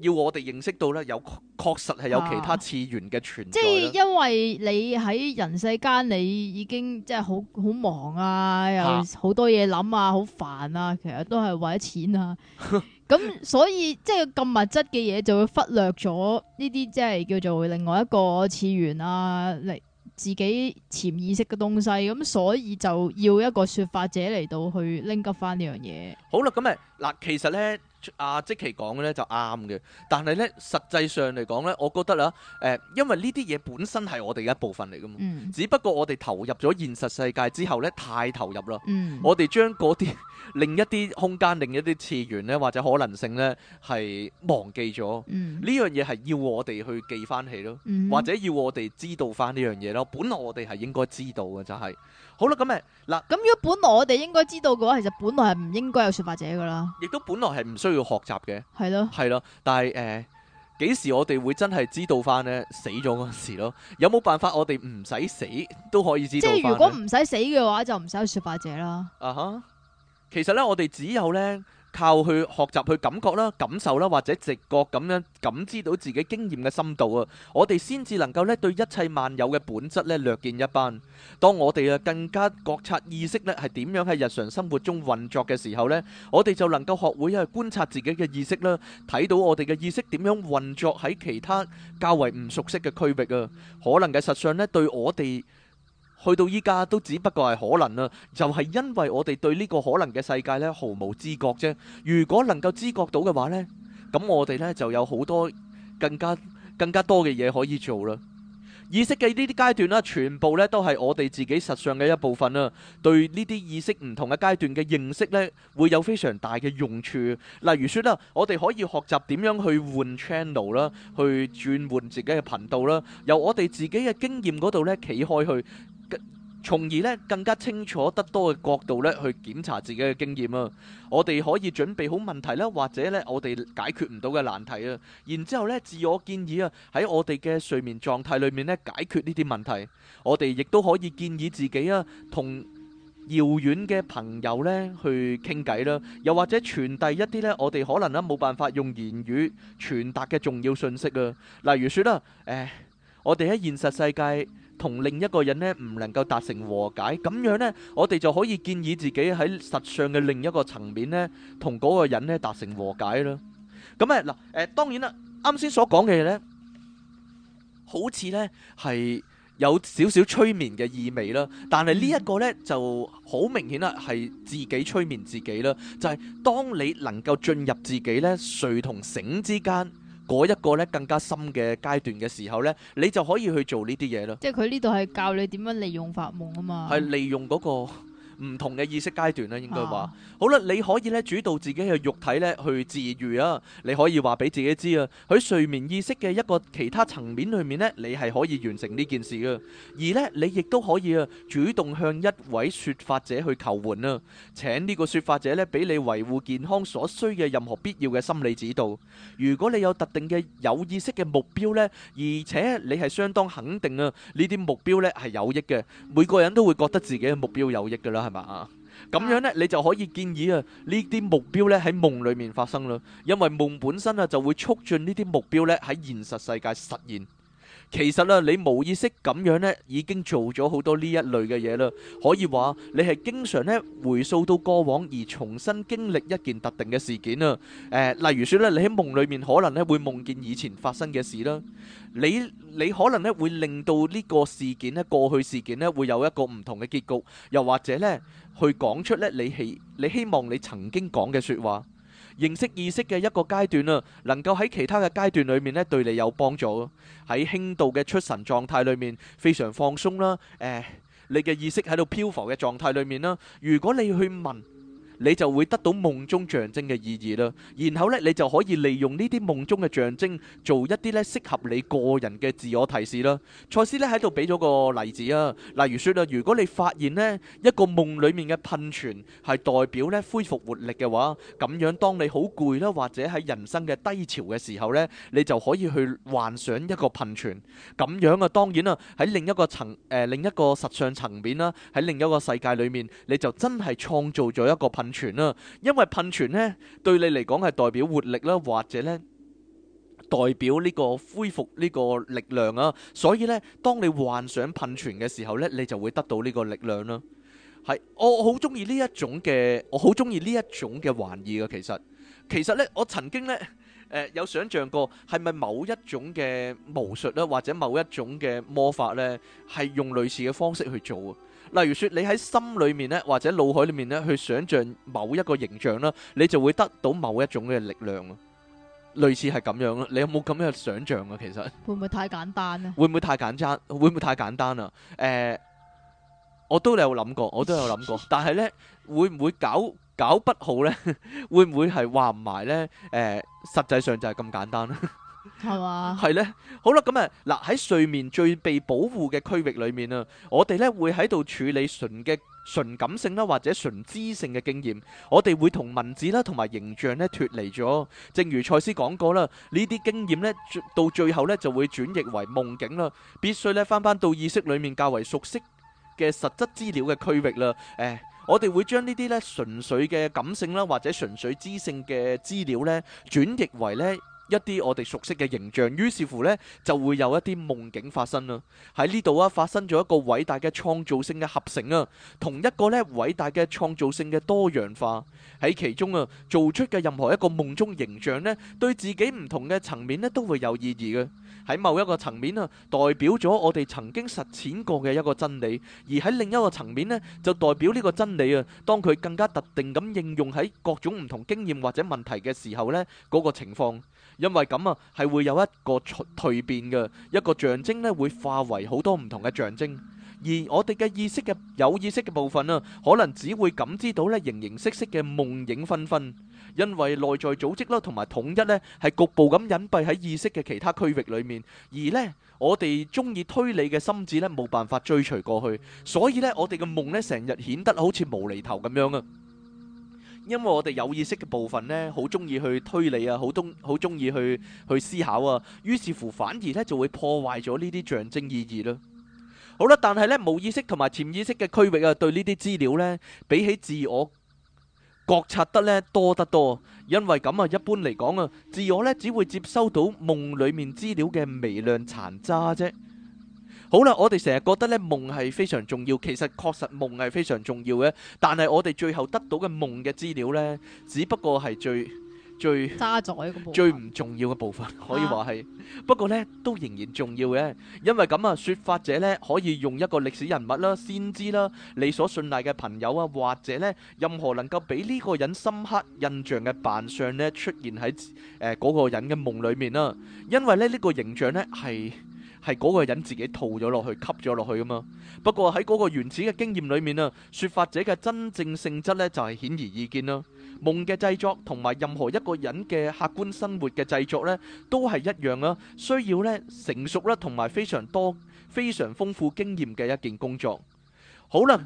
要我哋認識到咧，有確實係有其他次元嘅存在。啊、即係因為你喺人世間，你已經即係好好忙啊，又好多嘢諗啊，好煩啊，其實都係為咗錢啊。咁 <laughs> 所以即係咁物質嘅嘢，就會忽略咗呢啲即係叫做另外一個次元啊，嚟自己潛意識嘅東西。咁所以就要一個說法者嚟到去拎急返呢樣嘢。好啦，咁誒嗱，其實呢。阿即、啊、奇講嘅咧就啱嘅，但係咧實際上嚟講咧，我覺得啦，誒、呃，因為呢啲嘢本身係我哋一部分嚟噶嘛，嗯、只不過我哋投入咗現實世界之後咧，太投入啦，嗯、我哋將嗰啲另一啲空間、另一啲次元咧或者可能性咧係忘記咗，呢、嗯、樣嘢係要我哋去記翻起咯，或者要我哋知道翻呢樣嘢咯，本來我哋係應該知道嘅就係、是。好啦，咁咪嗱，咁如果本來我哋應該知道嘅話，其實本來係唔應該有說法者噶啦，亦都本來係唔需要學習嘅，係咯的，係咯，但係誒，幾時我哋會真係知道翻咧？死咗嗰時咯，有冇辦法我哋唔使死都可以知道？即係如果唔使死嘅話，就唔使有說法者啦。啊哈、uh，huh，其實咧，我哋只有咧。靠去學習去感覺啦、感受啦，或者直覺咁樣感知到自己經驗嘅深度啊，我哋先至能夠呢對一切萬有嘅本質呢略見一斑。當我哋啊更加覺察意識呢係點樣喺日常生活中運作嘅時候呢，我哋就能夠學會去觀察自己嘅意識啦，睇到我哋嘅意識點樣運作喺其他較為唔熟悉嘅區域啊，可能嘅實相呢對我哋。去到依家都只不過係可能啦，就係因為我哋對呢個可能嘅世界咧毫無知覺啫。如果能夠知覺到嘅話咧，咁我哋咧就有好多更加更加多嘅嘢可以做啦。意識嘅呢啲階段啦，全部咧都係我哋自己實相嘅一部分啦。對呢啲意識唔同嘅階段嘅認識咧，會有非常大嘅用處。例如說啦，我哋可以學習點樣去換 channel 啦，去轉換自己嘅頻道啦，由我哋自己嘅經驗嗰度咧企開去。從而咧更加清楚得多嘅角度咧去檢查自己嘅經驗啊！我哋可以準備好問題咧，或者咧我哋解決唔到嘅難題啊！然之後咧自我建議啊，喺我哋嘅睡眠狀態裏面咧解決呢啲問題。我哋亦都可以建議自己啊，同遙遠嘅朋友咧去傾偈啦，又或者傳遞一啲咧我哋可能咧冇辦法用言語傳達嘅重要信息啊！例如説啦，誒我哋喺現實世界。同另一個人咧唔能夠達成和解，咁樣咧，我哋就可以建議自己喺實相嘅另一個層面咧，同嗰個人咧達成和解啦。咁啊，嗱，誒當然啦，啱先所講嘅嘢咧，好似咧係有少少催眠嘅意味啦，但係呢一個咧就好明顯啦，係自己催眠自己啦，就係當你能夠進入自己咧，睡同醒之間，嗰一個咧更加深嘅階段嘅時候咧，你就可以去做呢啲嘢咯。即係佢呢度係教你點樣利用發夢啊嘛。係利用嗰、嗰個。唔同嘅意識階段咧，應該話好啦。你可以咧主導自己嘅肉體咧去治癒啊！你可以話俾自己知啊。喺睡眠意識嘅一個其他層面裏面咧，你係可以完成呢件事嘅。而咧，你亦都可以啊主動向一位説法者去求援啊！請呢個説法者咧俾你維護健康所需嘅任何必要嘅心理指導。如果你有特定嘅有意識嘅目標咧，而且你係相當肯定啊呢啲目標咧係有益嘅。每個人都會覺得自己嘅目標有益㗎啦。係嘛啊？咁樣呢，你就可以建議啊，呢啲目標呢喺夢裏面發生啦，因為夢本身啊就會促進呢啲目標呢喺現實世界實現。其實啦，你無意識咁樣咧，已經做咗好多呢一類嘅嘢啦。可以話你係經常咧回溯到過往而重新經歷一件特定嘅事件啦。誒、呃，例如說咧，你喺夢裏面可能咧會夢見以前發生嘅事啦。你你可能咧會令到呢個事件咧過去事件咧會有一個唔同嘅結局，又或者咧去講出咧你希你希望你曾經講嘅說話。認識意識嘅一個階段啦，能夠喺其他嘅階段裏面咧對你有幫助。喺輕度嘅出神狀態裏面非常放鬆啦，誒，你嘅意識喺度漂浮嘅狀態裏面啦。如果你去問，你就會得到夢中象徵嘅意義啦，然後呢你就可以利用呢啲夢中嘅象徵做一啲呢適合你個人嘅自我提示啦。賽斯呢喺度俾咗個例子啊，例如説啊，如果你發現呢一個夢裡面嘅噴泉係代表呢恢復活力嘅話，咁樣當你好攰啦，或者喺人生嘅低潮嘅時候呢，你就可以去幻想一個噴泉。咁樣啊，當然啊喺另一個層誒另一個實相層面啦，喺另一個世界裏面，你就真係創造咗一個噴泉啦，因為噴泉呢，對你嚟講係代表活力啦，或者呢，代表呢個恢復呢個力量啊，所以呢，當你幻想噴泉嘅時候呢，你就會得到呢個力量啦。係我好中意呢一種嘅，我好中意呢一種嘅玩意噶其實，其實呢，我曾經呢，誒、呃、有想象過係咪某一種嘅巫術啦，或者某一種嘅魔法呢，係用類似嘅方式去做啊。例如說你喺心裏面咧，或者腦海裏面咧，去想象某一個形象啦，你就會得到某一種嘅力量啊。類似係咁樣咯。你有冇咁樣嘅想象啊？其實會唔會太簡單啊？會唔會太簡單？會唔會太簡單啊？誒、呃，我都有諗過，我都有諗過， <laughs> 但係呢，會唔會搞搞不好呢？會唔會係話唔埋呢？誒、呃，實際上就係咁簡單咧、啊？係嘛？係咧， <noise> 好啦，咁、嗯、啊，嗱喺睡眠最被保護嘅區域裏面啊，我哋咧會喺度處理純嘅純感性啦，或者純知性嘅經驗，我哋會同文字啦同埋形象咧脫離咗。正如賽斯講過啦，驗呢啲經驗咧到最後咧就會轉譯為夢境啦，必須咧翻返到意識裏面較為熟悉嘅實質資料嘅區域啦。誒、哎，我哋會將呢啲咧純粹嘅感性啦或者純粹知性嘅資料咧轉譯為咧。一啲我哋熟悉嘅形象，於是乎呢就會有一啲夢境發生啦。喺呢度啊，發生咗一個偉大嘅創造性嘅合成啊，同一個呢偉大嘅創造性嘅多樣化喺其中啊，做出嘅任何一個夢中形象呢，對自己唔同嘅層面呢都會有意義嘅。喺某一個層面啊，代表咗我哋曾經實踐過嘅一個真理；而喺另一個層面呢，就代表呢個真理啊。當佢更加特定咁應用喺各種唔同經驗或者問題嘅時候呢，嗰個情況。因為咁啊，係會有一個蛻變嘅一個象徵咧，會化為好多唔同嘅象徵。而我哋嘅意識嘅有意識嘅部分啊，可能只會感知到咧形形色色嘅夢影紛紛。因為內在組織啦，同埋統一咧係局部咁隱蔽喺意識嘅其他區域裏面。而咧我哋中意推理嘅心智咧冇辦法追隨過去，所以咧我哋嘅夢咧成日顯得好似無厘頭咁樣啊。因為我哋有意識嘅部分呢，好中意去推理啊，好中好中意去去思考啊，於是乎反而呢就會破壞咗呢啲象徵意義啦。好啦，但係呢無意識同埋潛意識嘅區域啊，對呢啲資料呢，比起自我覺察得呢多得多，因為咁啊，一般嚟講啊，自我呢只會接收到夢裡面資料嘅微量殘渣啫。好啦，我哋成日覺得咧夢係非常重要，其實確實夢係非常重要嘅，但係我哋最後得到嘅夢嘅資料咧，只不過係最最揸住個最唔重要嘅部分，可以話係。不過咧都仍然重要嘅，因為咁啊，説法者咧可以用一個歷史人物啦、先知啦、你所信賴嘅朋友啊，或者咧任何能夠俾呢個人深刻印象嘅扮相咧出現喺誒嗰個人嘅夢裡面啦，因為咧呢個形象咧係，係嗰個人自己吐咗落去，吸咗落去噶嘛。不過喺嗰個原始嘅經驗裡面啊，說法者嘅真正性質咧就係顯而易見啦。夢嘅製作同埋任何一個人嘅客觀生活嘅製作咧，都係一樣啊。需要咧成熟啦，同埋非常多、非常豐富經驗嘅一件工作。好啦，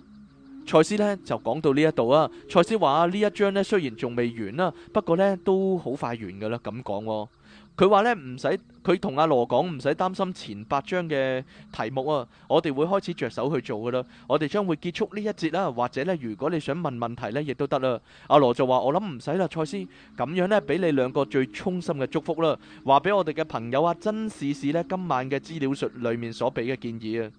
賽斯咧就講到呢一度啊。賽斯話呢一章咧雖然仲未完啦，不過咧都好快完噶啦。咁講。佢話呢，唔使佢同阿羅講唔使擔心前八章嘅題目啊，我哋會開始着手去做噶啦。我哋將會結束呢一節啦、啊，或者呢，如果你想問問題呢，亦都得啦。阿羅就話我諗唔使啦，賽斯咁樣呢，俾你兩個最衷心嘅祝福啦，話俾我哋嘅朋友阿珍試試呢今晚嘅資料術裏面所俾嘅建議啊。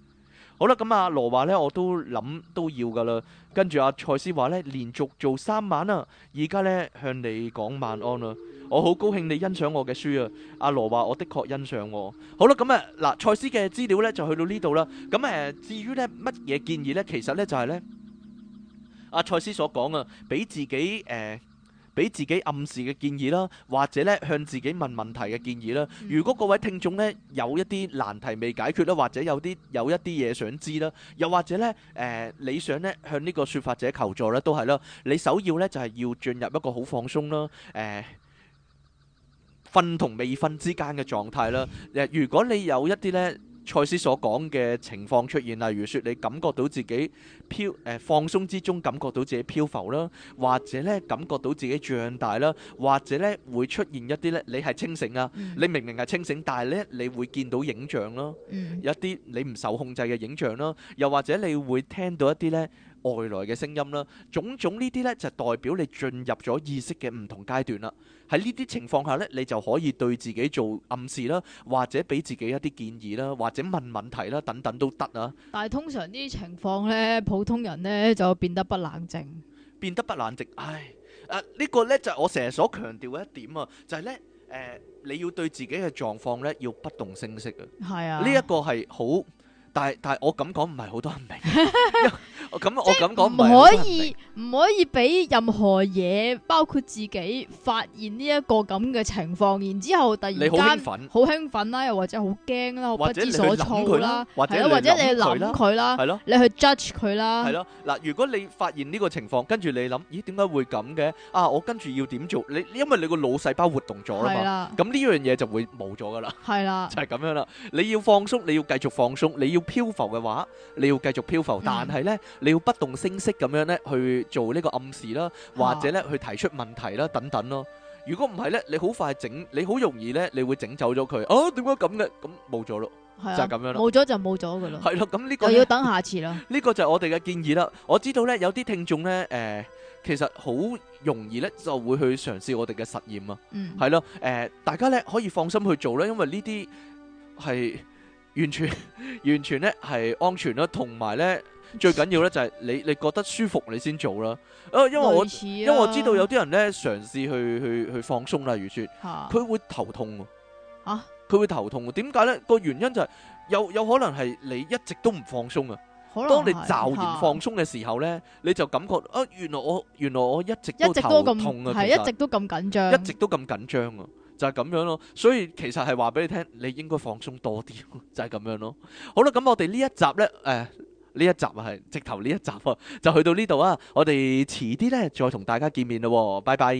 好啦，咁阿羅話呢，我都諗都要噶啦。跟住阿蔡思話咧，連續做三晚啦、啊，而家咧向你講晚安啦、啊。我好高興你欣賞我嘅書啊。阿、啊、羅話我的確欣賞我。好、嗯、啦，咁啊嗱，蔡思嘅資料咧就去到呢度啦。咁、嗯、誒，至於咧乜嘢建議咧，其實咧就係、是、咧，阿蔡思所講啊，俾自己誒。呃俾自己暗示嘅建議啦，或者咧向自己問問題嘅建議啦。如果各位聽眾呢有一啲難題未解決啦，或者有啲有一啲嘢想知啦，又或者呢誒、呃、你想呢向呢個說法者求助呢，都係啦。你首要呢就係要進入一個好放鬆啦，誒瞓同未瞓之間嘅狀態啦。誒，如果你有一啲呢。賽斯所講嘅情況出現，例如説你感覺到自己漂誒、呃、放鬆之中感覺到自己漂浮啦，或者咧感覺到自己脹大啦，或者咧會出現一啲咧，你係清醒啊，你明明係清醒，但係咧你會見到影像咯，有一啲你唔受控制嘅影像咯，又或者你會聽到一啲咧。外來嘅聲音啦，種種呢啲咧就代表你進入咗意識嘅唔同階段啦。喺呢啲情況下咧，你就可以對自己做暗示啦，或者俾自己一啲建議啦，或者問問題啦，等等都得啊。但係通常呢啲情況咧，普通人咧就變得不冷靜，變得不冷靜。唉，啊呢個咧就係我成日所強調嘅一點啊，就係咧誒，你要對自己嘅狀況咧要不動聲色啊。係啊，呢一個係好。但係但係，我咁講唔係好多人明，咁我咁講唔可以唔可以俾任何嘢，包括自己發現呢一個咁嘅情況，然之後突然間好興奮啦，又或者好驚啦，不知所措啦，係咯，或者你諗佢啦，係咯，你去 judge 佢啦，係咯。嗱，如果你發現呢個情況，跟住你諗，咦？點解會咁嘅？啊，我跟住要點做？你因為你個腦細胞活動咗啦嘛，咁呢樣嘢就會冇咗㗎啦，係啦，就係咁樣啦。你要放鬆，你要繼續放鬆，你要。漂浮嘅話，你要繼續漂浮，但係咧，你要不動聲色咁樣咧去做呢個暗示啦，或者咧去提出問題啦，等等咯。如果唔係咧，你好快整，你好容易咧，你會整走咗佢。哦，點解咁嘅？咁冇咗咯，就係咁樣咯，冇咗就冇咗噶啦。係咯，咁呢個又要等下次啦。呢個就係我哋嘅建議啦。我知道咧，有啲聽眾咧，誒，其實好容易咧，就會去嘗試我哋嘅實驗啊。係咯，誒，大家咧可以放心去做啦，因為呢啲係。完全，完全咧係安全啦，同埋咧最緊要咧就係你，你覺得舒服你先做啦。啊，因為我因為我知道有啲人咧嘗試去去去放鬆啦，如說，佢會頭痛，吓，佢會頭痛。點解咧？個原因就係有有可能係你一直都唔放鬆啊。可能係。當你驟然放鬆嘅時候咧，你就感覺啊，原來我原來我一直都頭痛啊，係一直都咁緊張，一直都咁緊張啊。就係咁樣咯，所以其實係話俾你聽，你應該放鬆多啲，就係，是，咁樣咯。好啦，咁我哋呢一集呢，誒、哎、呢一集啊，係直頭呢一集啊，就去到呢度啊，我哋遲啲呢，再同大家見面咯，拜拜。